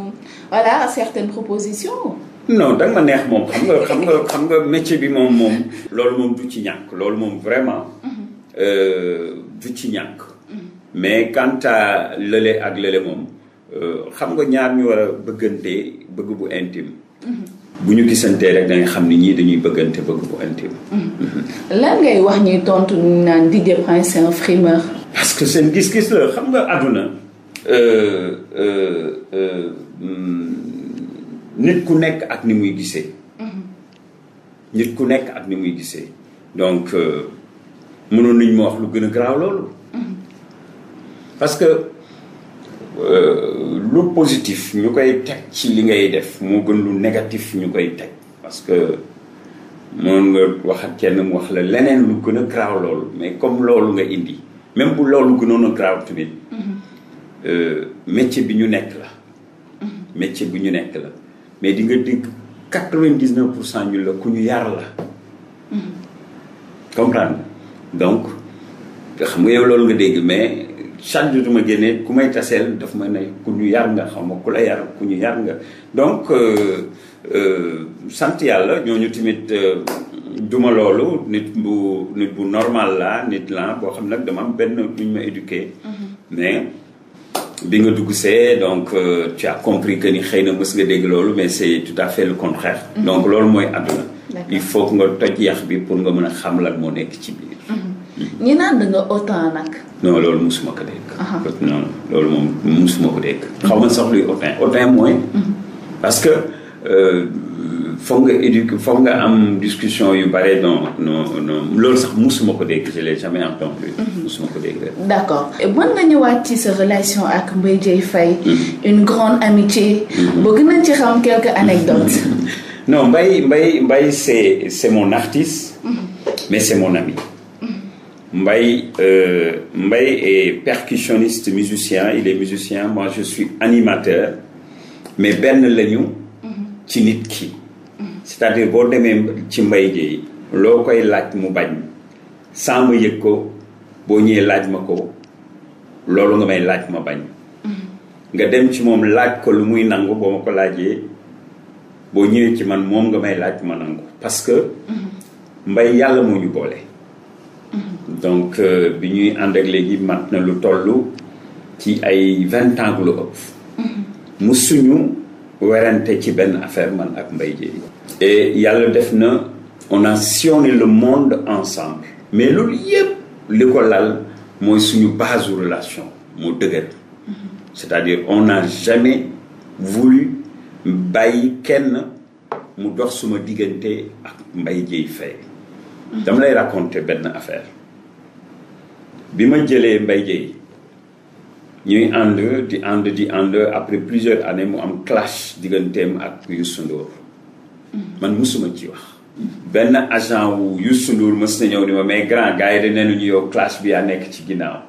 A: voilà certaines propositions.
B: non danga ma neex moom xam nga xam nga xam nga métier bi moom moom. loolu moom du ci ñàkk loolu moom vraiment. Mm-hmm. Euh, du ci ñàkk. mais quant à lële ak lële moom euh, xam nga ñaar ñu war a bëggante bëgg bu intime. Mm-hmm. bu ñu gisantee rek da xam ni ñii dañuy bëggante bëgg bu intime.
A: Mm-hmm. lan ngay wax ñuy tontu ñu naan Dj Prince c'est
B: un seen gis-gis xam nga àdduna. Euh, euh, mm, nit ku nekk ak ni muy gisee. Mm-hmm. nit ku nekk ak ni muy gisee. donc mënoon nañ mu wax lu gën a garaaw loolu. parce que euh, lu positif ñu koy teg ci li ngay def moo gën lu négatif ñu koy teg parce que moom nga wax ak kenn mu wax la leneen lu gën a graaw loolu mais comme loolu nga indi même bu loolu gënoon a graaw tamit
C: mm-hmm.
B: euh, métier bi ñu nekk la mm-hmm. métier bi ñu nekk la mais dinga nga dégg quatre vingt dix pour cent ñu la ku ñu yar la
C: mm-hmm.
B: comprendre donc xam nga loolu nga dégg mais chaque jour ma génnee ku may taseel dafa ma ne ku ñu yar nga xam ma ku la yar ku ñu yar nga donc euh, euh, sant yàlla ñooñu tamit euh, duma loolu nit bu nit bu normal la nit la boo xam nag dama am benn lu ma éduqué mm-hmm. mais bi nga dugg see donc ca tu compris que ni xëy na mës nga dégg loolu mais c'est tout à fait le contraire mm-hmm. donc loolu mooy àdduna il faut que nga toj yax bi pour nga mën a xam lan moo nekk ci biir mm-hmm.
A: ñi naan da nga autant nag.
B: non loolu mosuma ko dégg. non loolu moom mosuma ko dégg. xaw ma sax lu autant mooy. Mhm. parce que euh, foog nga éduquer foog nga am discussion yu bare non loolu sax mosuma ko dégg je l'ai jamais entendu. mosuma mhm. ko dégg
A: d' accord mën nga ñëwaat ci sa relation ak Mbaye Dieye Faye. Mhm. une grande amitié. bëgg nañ ci xam quelques anecdotes.
B: non Mbaye mbay mbay c' est c' est mon artiste. mais c' mon ami. mbay euh, Mbaye est percussionniste musicien, il est musicien, moi je suis animateur, mais benn la ñu ci nit ki c'est-à-dire boo demee ci mbay Guèye loo koy laaj mu bañ saa ma yëg ko boo ñëwee laaj ma ko loolu nga may laaj ma bañ nga dem ci moom laaj ko lu muy nangu boo ma ko laajee boo ñëwee ci man moom nga may laaj ma nangu parce que Mbaye yàlla moo ñu boole donc euh, bi ñuy ànd léegi mat na lu toll ci ay vingt ans lu ëpp. mu suñu werante ci benn affaire man ak mbay Dièye. et yàlla def na on a sillonné le monde ensemble. mais loolu yëpp li ko lal mooy suñu base relation mu dëgër. c'est-à-dire on n'a jamais voulu bàyyi kenn mu dox suma diggante ak mbay Dièye Faye. dama lay raconter benn affaire bi ma jëlee mbay Dièye ñuy ànd di ànd di ànd après plusieurs années mu am clash digganteem ak Youssou Ndour mm-hmm. man musuma ci wax benn agent wu Youssou Ndour mës na ñëw ni ma mais grand gars yi de neenu ñu yow clash bi yaa nekk ci ginnaaw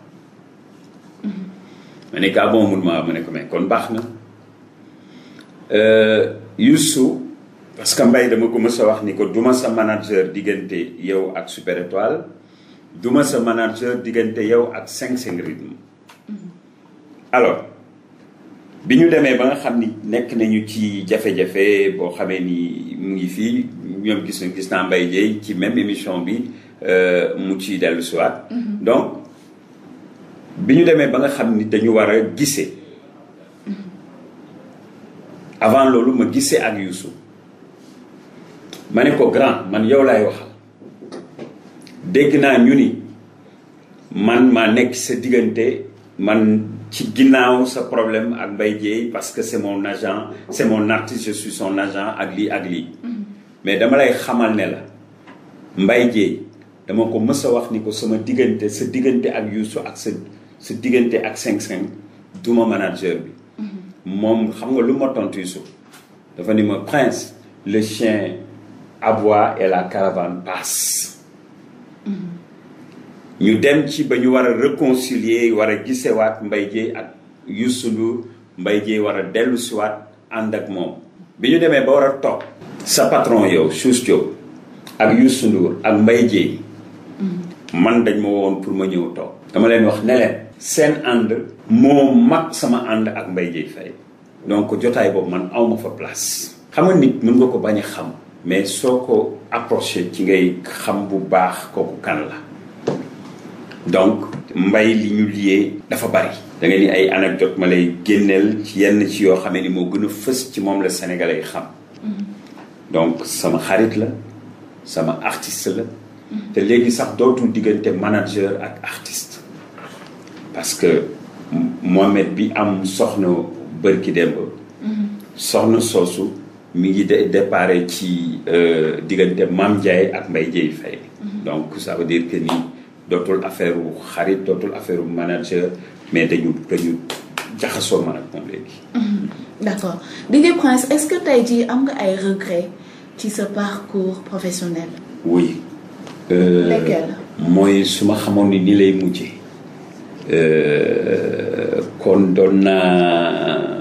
B: mm-hmm. ma ne kaa ah bon mun ma ma ne ko mais kon baax na euh, Youssou parce que mbay dama ko mës a wax ni ko duma sa manager diggante yow ak Super Étoile duma sa manager diggante yow ak 5-5 rythme mm-hmm. alors bi ñu demee ba nga xam ni nekk nañu ci jafe-jafe boo xamee nii mu ngi fii ñoom gis gis naa mbay Dieye ci même émission bi euh, mu ci dellu siwaat mm-hmm. donc bi ñu demee ba nga xam ni dañu war a gisee mm-hmm. avant loolu ma gisee ak Youssou ma ne ko grand man yow laay waxal dégg naa ñu ni man ma nekk sa diggante man ci ginnaaw sa problème ak mbay Dièye parce que c'est mon agent c'est mon artiste je son agent ak lii ak lii mm-hmm. mais dama lay xamal ne la Mbaye Dièye dama ko mës wax ni ko sama diggante sa diggante ak Youssou ak sa sa diggante ak 5-5 du ma manager bi mm-hmm. moom xam nga lu ma tontu dafa ni ma prince le chien Abwa et la caravane passe ñu dem ci ba ñu war a réconcilier war a gisewaat mbay Dièye ak Youssou Ndour mbay Dièye war a dellusiwaat siwaat ànd ak moom bi ñu demee ba war a toog sa patron yow Youssou Diop ak Youssou Ndour ak mbay Dièye man dañ ma woon pour ma ñëw toog dama leen wax ne seen ànd moo mag sama ànd ak mbay Dièye Faye donc jotaay boobu man awma fa place xam nga nit mën nga ko bañ a xam mais soo ko approché ci ngay xam bu baax kooku kan la donc mbay li ñu liyee dafa bari da nga ay anecdote ma lay génneel ci yenn ci yoo xamee ni moo gën a fës ci moom la sénégalais xam
C: mm-hmm.
B: donc sama xarit la sama artiste la mm-hmm. te léegi sax dootul diggante manager ak artiste parce que Mohamed bi am soxna bërki démb mm-hmm. soxna soosu mi ngi de départ ci euh, diggante Mame Ndiaye ak Mbaye Dièye Faye mm-hmm. donc ça veut dire dootul affaire wu xarit dootul affaire wu manager mais dañu dañu jaxasoo man ak moom léegi.
A: Mm-hmm. d'accord Dj Prince est-ce que tey jii am nga ay regrets ci sa parcours professionnel.
B: oui. Euh, mooy su ma xamoon ni nii lay mujjee. Euh, kon doon na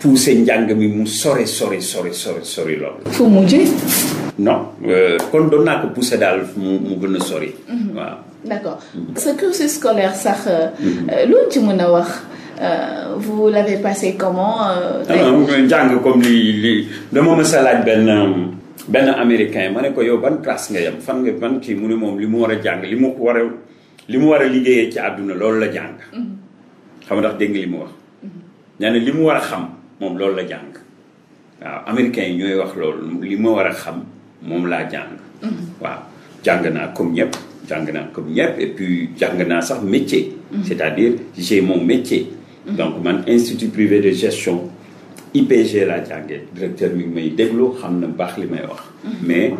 B: pousser njàng mi mu sore sore sore sore sori lool. fu mu mujj. non euh, kon doon naa ko pousser daal mu gën a sori. Mhm. waaw.
A: d'accord mhm. ce cursus sax. loolu euh, mhm. euh, ci mën a wax. Euh, vous l'avez passé comment. Ah,
B: jàng comme li li dama mës a laaj benn benn américain ma ne ko yow ban classe nga yem fan nga ban kii mu ne moom li mu war a jàng li mu war a li mu war a liggéeyee ci àdduna loolu la jàng. xam ndax dégg li mu wax. ñaa li mu war a xam. moom loolu la jàng waaw américains yi ñooy wax loolu li ma war a xam moom laa jàng mm-hmm. waaw jàng naa comme ñëpp jàng naa comme ñëpp et puis jàng naa sax métier mm-hmm. c'est-à-dire j'ai mon métier
A: mm-hmm. donc
B: man institut privé de gestion IPG laa jàngee directeur mi ngi may déglu xam na baax li may wax mais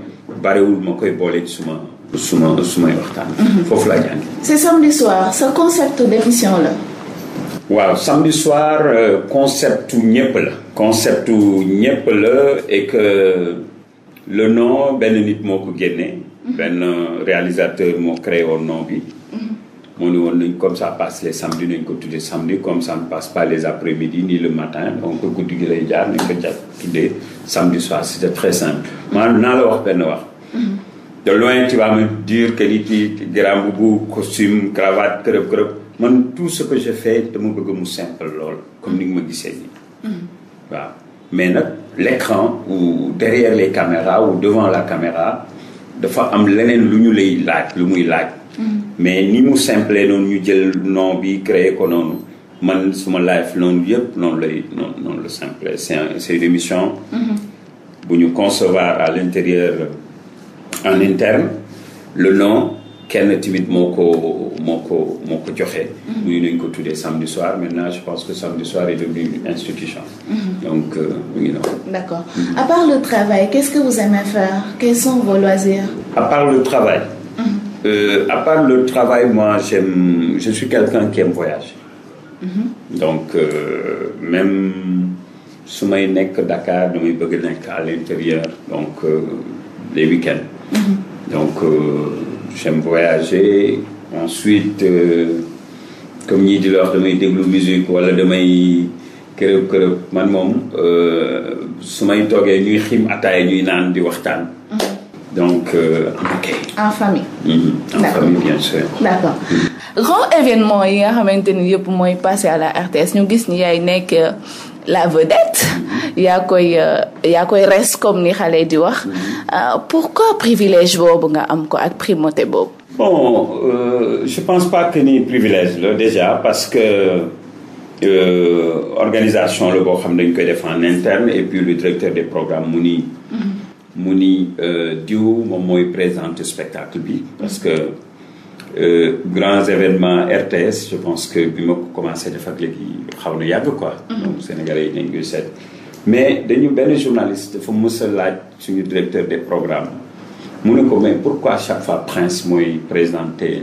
B: bariwul ma koy boole ci suma suma sumay waxtaan foofu laa jàngee
A: c'est samedi soir sa concept d'émission la
B: waaw samedi soir euh, concept ñëpp la. concept ñëpp la et que euh, le nom benn nit moo ko génne. Mm-hmm. benn euh, réalisateur moo créé woon nom bi. Mm-hmm. moo ne woon nañ comme ça passe les samedis nañ ko tuddee samedi comme ça ne passe pas les après-midi ni le matin donc guddi gi lay jaar nañ ko ca tuddee soir c'était très simple. maanaam naa la wax benn wax. Mm-hmm. de loin tu vas me dire que nit yi grand boubou costume cravate kërëb kërëb. man tout ce que je fais dama bëgg mu simple lool comme ni nga ma gisee nii.
C: Mm-hmm.
B: waaw mais nag l'écran ou derrière les caméras ou devant la caméra dafa am leneen lu ñu lay laaj lu muy laaj. Mm-hmm. mais ni mu simple noonu ñu jël nom bi créé ko noonu man suma life noonu yëpp noonu lay noonu noonu la simple c'est une émission.
C: Mm-hmm.
B: bu ñu concevoir à l'intérieur en interne le nom. kenn tamit moo ko moo ko moo ko joxe. muy mm-hmm. nañ soir maintenant je pense que soir est devenu institution. Mm-hmm. donc euh, mu ngi noonu.
A: d' accord mm-hmm. part le travail qu' est ce que vous aimez faire quels sont vos loisirs.
B: à part le travail. Euh, part le travail moi j'aime je suis quelqu'un qui aime voyager. donc euh, su may Dakar damay bëgg nekk l'intérieur donc euh, les week j'aime voyager ensuite euh, comme ñii di la wax damay déglu musique wala damay kërëb kërëb man moom euh, su may toogee ñuy xim ataay ñuy naan di waxtaan. Mm-hmm. donc en euh, en famille. Mm-hmm. en famille bien sûr. d' mm-hmm.
A: grand événement yi nga xamante ni yëpp mooy passé à la RTS ñu gis ni yaay nekk la vedette. yaa koy euh, yaa koy res comme ni xale di wax mhm. euh, pourquoi privilège boobu nga am ko ak primauté boobu.
B: bon euh, je pense pas que ni privilège la déjà parce que. Euh, organisation la boo xam ne dañ koy def en interne et puis le directeur des programmes mu ni mhm. mu ni euh, diw moom mooy présenter spectacle bi parce que euh, grands événements RTS je pense que bi ma ko commencé def ak léegi xaw na yàgg quoi mhm. donc sénégalais yi nañ koy mais dañu benn journaliste dafa mës a laaj suñu directeur des programmes mu ne ko mais pourquoi chaque fois Prince mooy présenté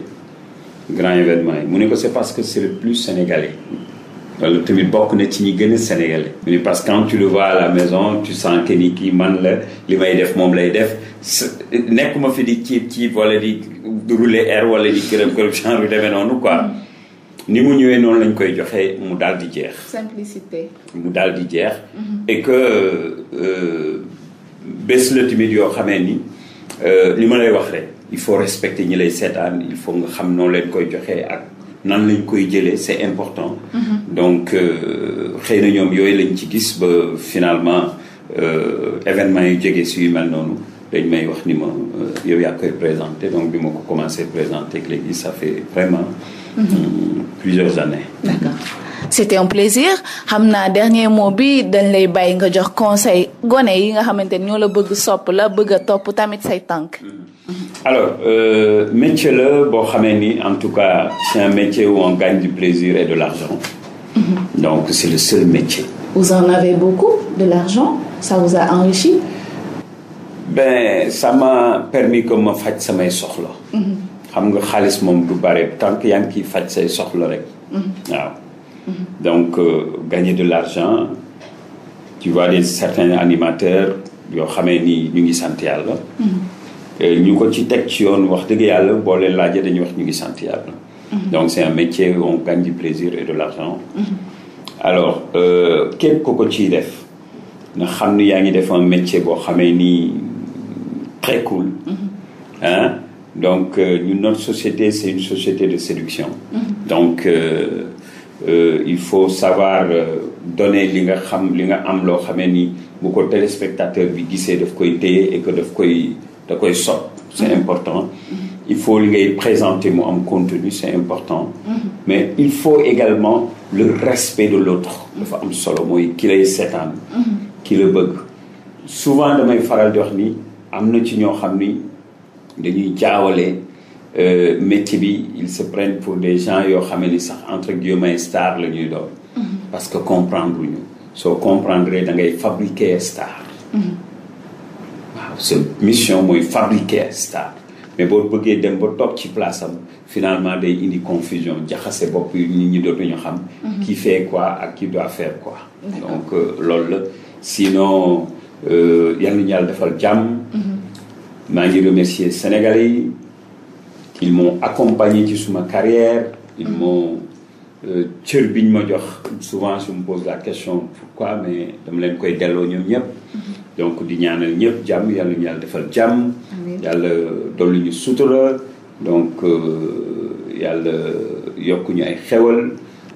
B: grand événement yi mu ne ko c'est parce que c'est le plus sénégalais wala tamit bokk na ci ñi gën a sénégalais parce que quand tu le vois à la maison tu sens que ni kii man la li may def moom lay def nekkuma fi di ciib ciib wala di rouler air wala di kërëb kërëb genre demee noonu quoi ni mu ñëwee noonu lañ koy joxee mu daal di jeex.
A: simplicité.
B: mu daal di jeex. Mm-hmm. et que euh, bés la tamit yoo xamee ni li euh, ma lay wax rek il faut respecter ñi lay seetaan il faut nga xam noonu lañ koy joxe ak nan lañ koy jëlee c'est important. Mm-hmm. donc euh, xëy na ñoom yooyu lañ ci gis ba finalement événement yu jege si yu mel noonu. dañ may wax ni ma yow yaa koy présenter donc bi ma ko commencé présenter léegi ça fait vraiment plusieurs années. D'accord.
A: c'était un plaisir xam naa dernier mot bi dañ lay bàyyi nga jox conseil gone yi nga xamante ni ñoo la bëgg sopp la bëgg a topp tamit say tànk.
B: Mm-hmm. alors euh, métier le boo xamee ni en tout cas c'est un métier où gagne du plaisir et de l'argent mm-hmm. donc c'est le seul métier.
A: vous en avez beaucoup de l'argent ça vous a enrichi.
B: ben ça m'a permis xam nga xaalis moom du bare tant que yaa ngi ki faj say soxla rek. Mm-hmm. waaw mm-hmm. donc euh, gagner de l'argent ci vois de certains animateurs yoo xamee ni ñu ngi sant yàlla.
C: Mm-hmm.
B: ñu ko ci teg ci yoon wax dëgg yàlla boole laaj laajee dañuy wax ñu ngi sant yàlla. donc c'est un métier où on gagne du plaisir et de l'argent. alors euh, képp ko ko ciy def na xam ni yaa ngi def un métier boo xamee nii très cool. hein donc ñun euh, notre société c'est une société de séduction mm-hmm. donc euh, euh, il faut savoir donner li nga xam li nga am loo xamee ni bu ko téléspectateur bi gisee daf koy téye et que daf koy da koy sot c'est mm-hmm. important mm-hmm. il faut li ngay présenter mu am contenu c'est important mais il faut également le respect de l'autre dafa am solo mooy ki lay seetaan ki la bëgg souvent damay faral di wax ni am na ci ñoo xam ni dañuy jaawale euh, métier bi ils se prennent pour des gens yoo xam ne sax entre guillemets star la ñuy doon. Mm-hmm. parce que comprendre ñu soo comprendre da ngay fabriquer star. Mm-hmm. waaw sa mission mooy fabriquer star. mais boo bëggee dem ba toog ci place am finalement day indi confusion jaxase bopp yi nit ñi dootuñu xam. Mm-hmm. qui fait quoi ak qui doit faire quoi. donc euh, loolu la sinon euh, yal nañu yàlla defal jàmm. maa ngi remercier Sénégalais yi ils m'ont accompagné ci suma carrière ils mm. m'ont euh, cër biñ ma jox souvent su ma pose la question pourquoi mais dama leen koy delloo ñoom ñëpp mm-hmm. donc di ñaanal ñëpp jàmm yàlla ñu yàlla defal jàmm yàlla dolli ñu sutura donc euh, yàlla yokku ñu ay xewal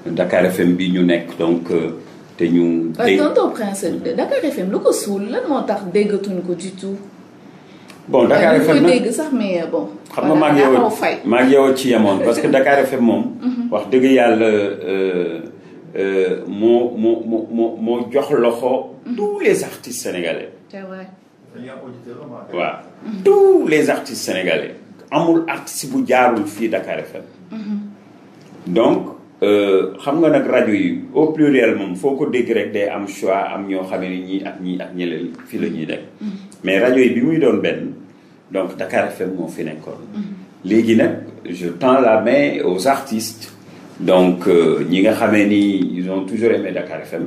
B: Dakar FM bi ñu nekk donc euh, te ñu dégg tonton
A: Prince Dakar FM lu ko suul lan moo tax déggatuñ ko du tout
B: bon Dakar FM nag dégg xam nga maa ngi yow ci yemoon parce que Dakar FM moom. Mhm. wax dëgg yàlla euh, euh, moo moo moo moo moo jox loxo. Mhm. tous les artistes sénégalais.
A: waaw mhm. tous les
B: artistes sénégalais. amul artiste bu jaarul fii Dakar FM. donc euh, xam nga nag rajo yi au pluriel moom foo ko dégg rek day am choix am ñoo xamee ni ñii ak ñii ak ñeneen fii la ñuy dem. mais rajo yi bi muy doon benn. donc Dakar FM moo fi nekkoon. Mm-hmm. léegi nag je tends la main aux artistes. donc euh, ñi nga xamee ni ils ont toujours aimé Dakar FM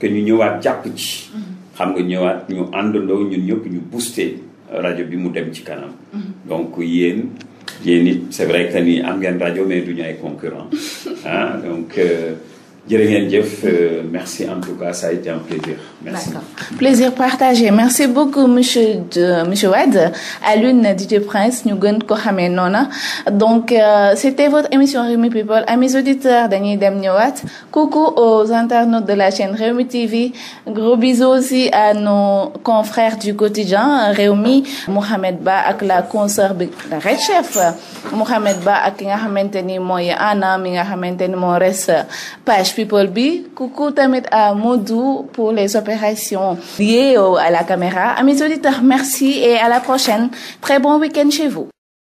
B: que ñu ñëwaat jàpp ci. Mm-hmm. xam nga ñëwaat ñu àndandoo ñu ñëpp ñu booster rajo bi mu dem ci kanam. Mm-hmm. donc yéen yéen it c'est vrai que ni am ngeen rajo mais du ñu ay concurrent ah donc. Euh, jërë euh, merci en tout cas ça merci
A: plaisir partagé beaucoup monsieur de, monsieur Wade Alioune Prince ñu gën ko xamee noona donc euh, c'était votre émission Rewmi People amis auditeurs dañuy dem ñëwaat coucou aux internautes de la chaîne Rewmi TV gros bisous aussi à nos confrères du quotidien Rewmi Mohamed Ba ak la consoeur bi la Red Chef Ba ak ki nga xamante ni mooy Anna mi nga xamante ni moo Village People bi coucou tamit à Modou pour les opérations liées à la caméra amis auditeurs merci et à la prochaine très bon week-end chez vous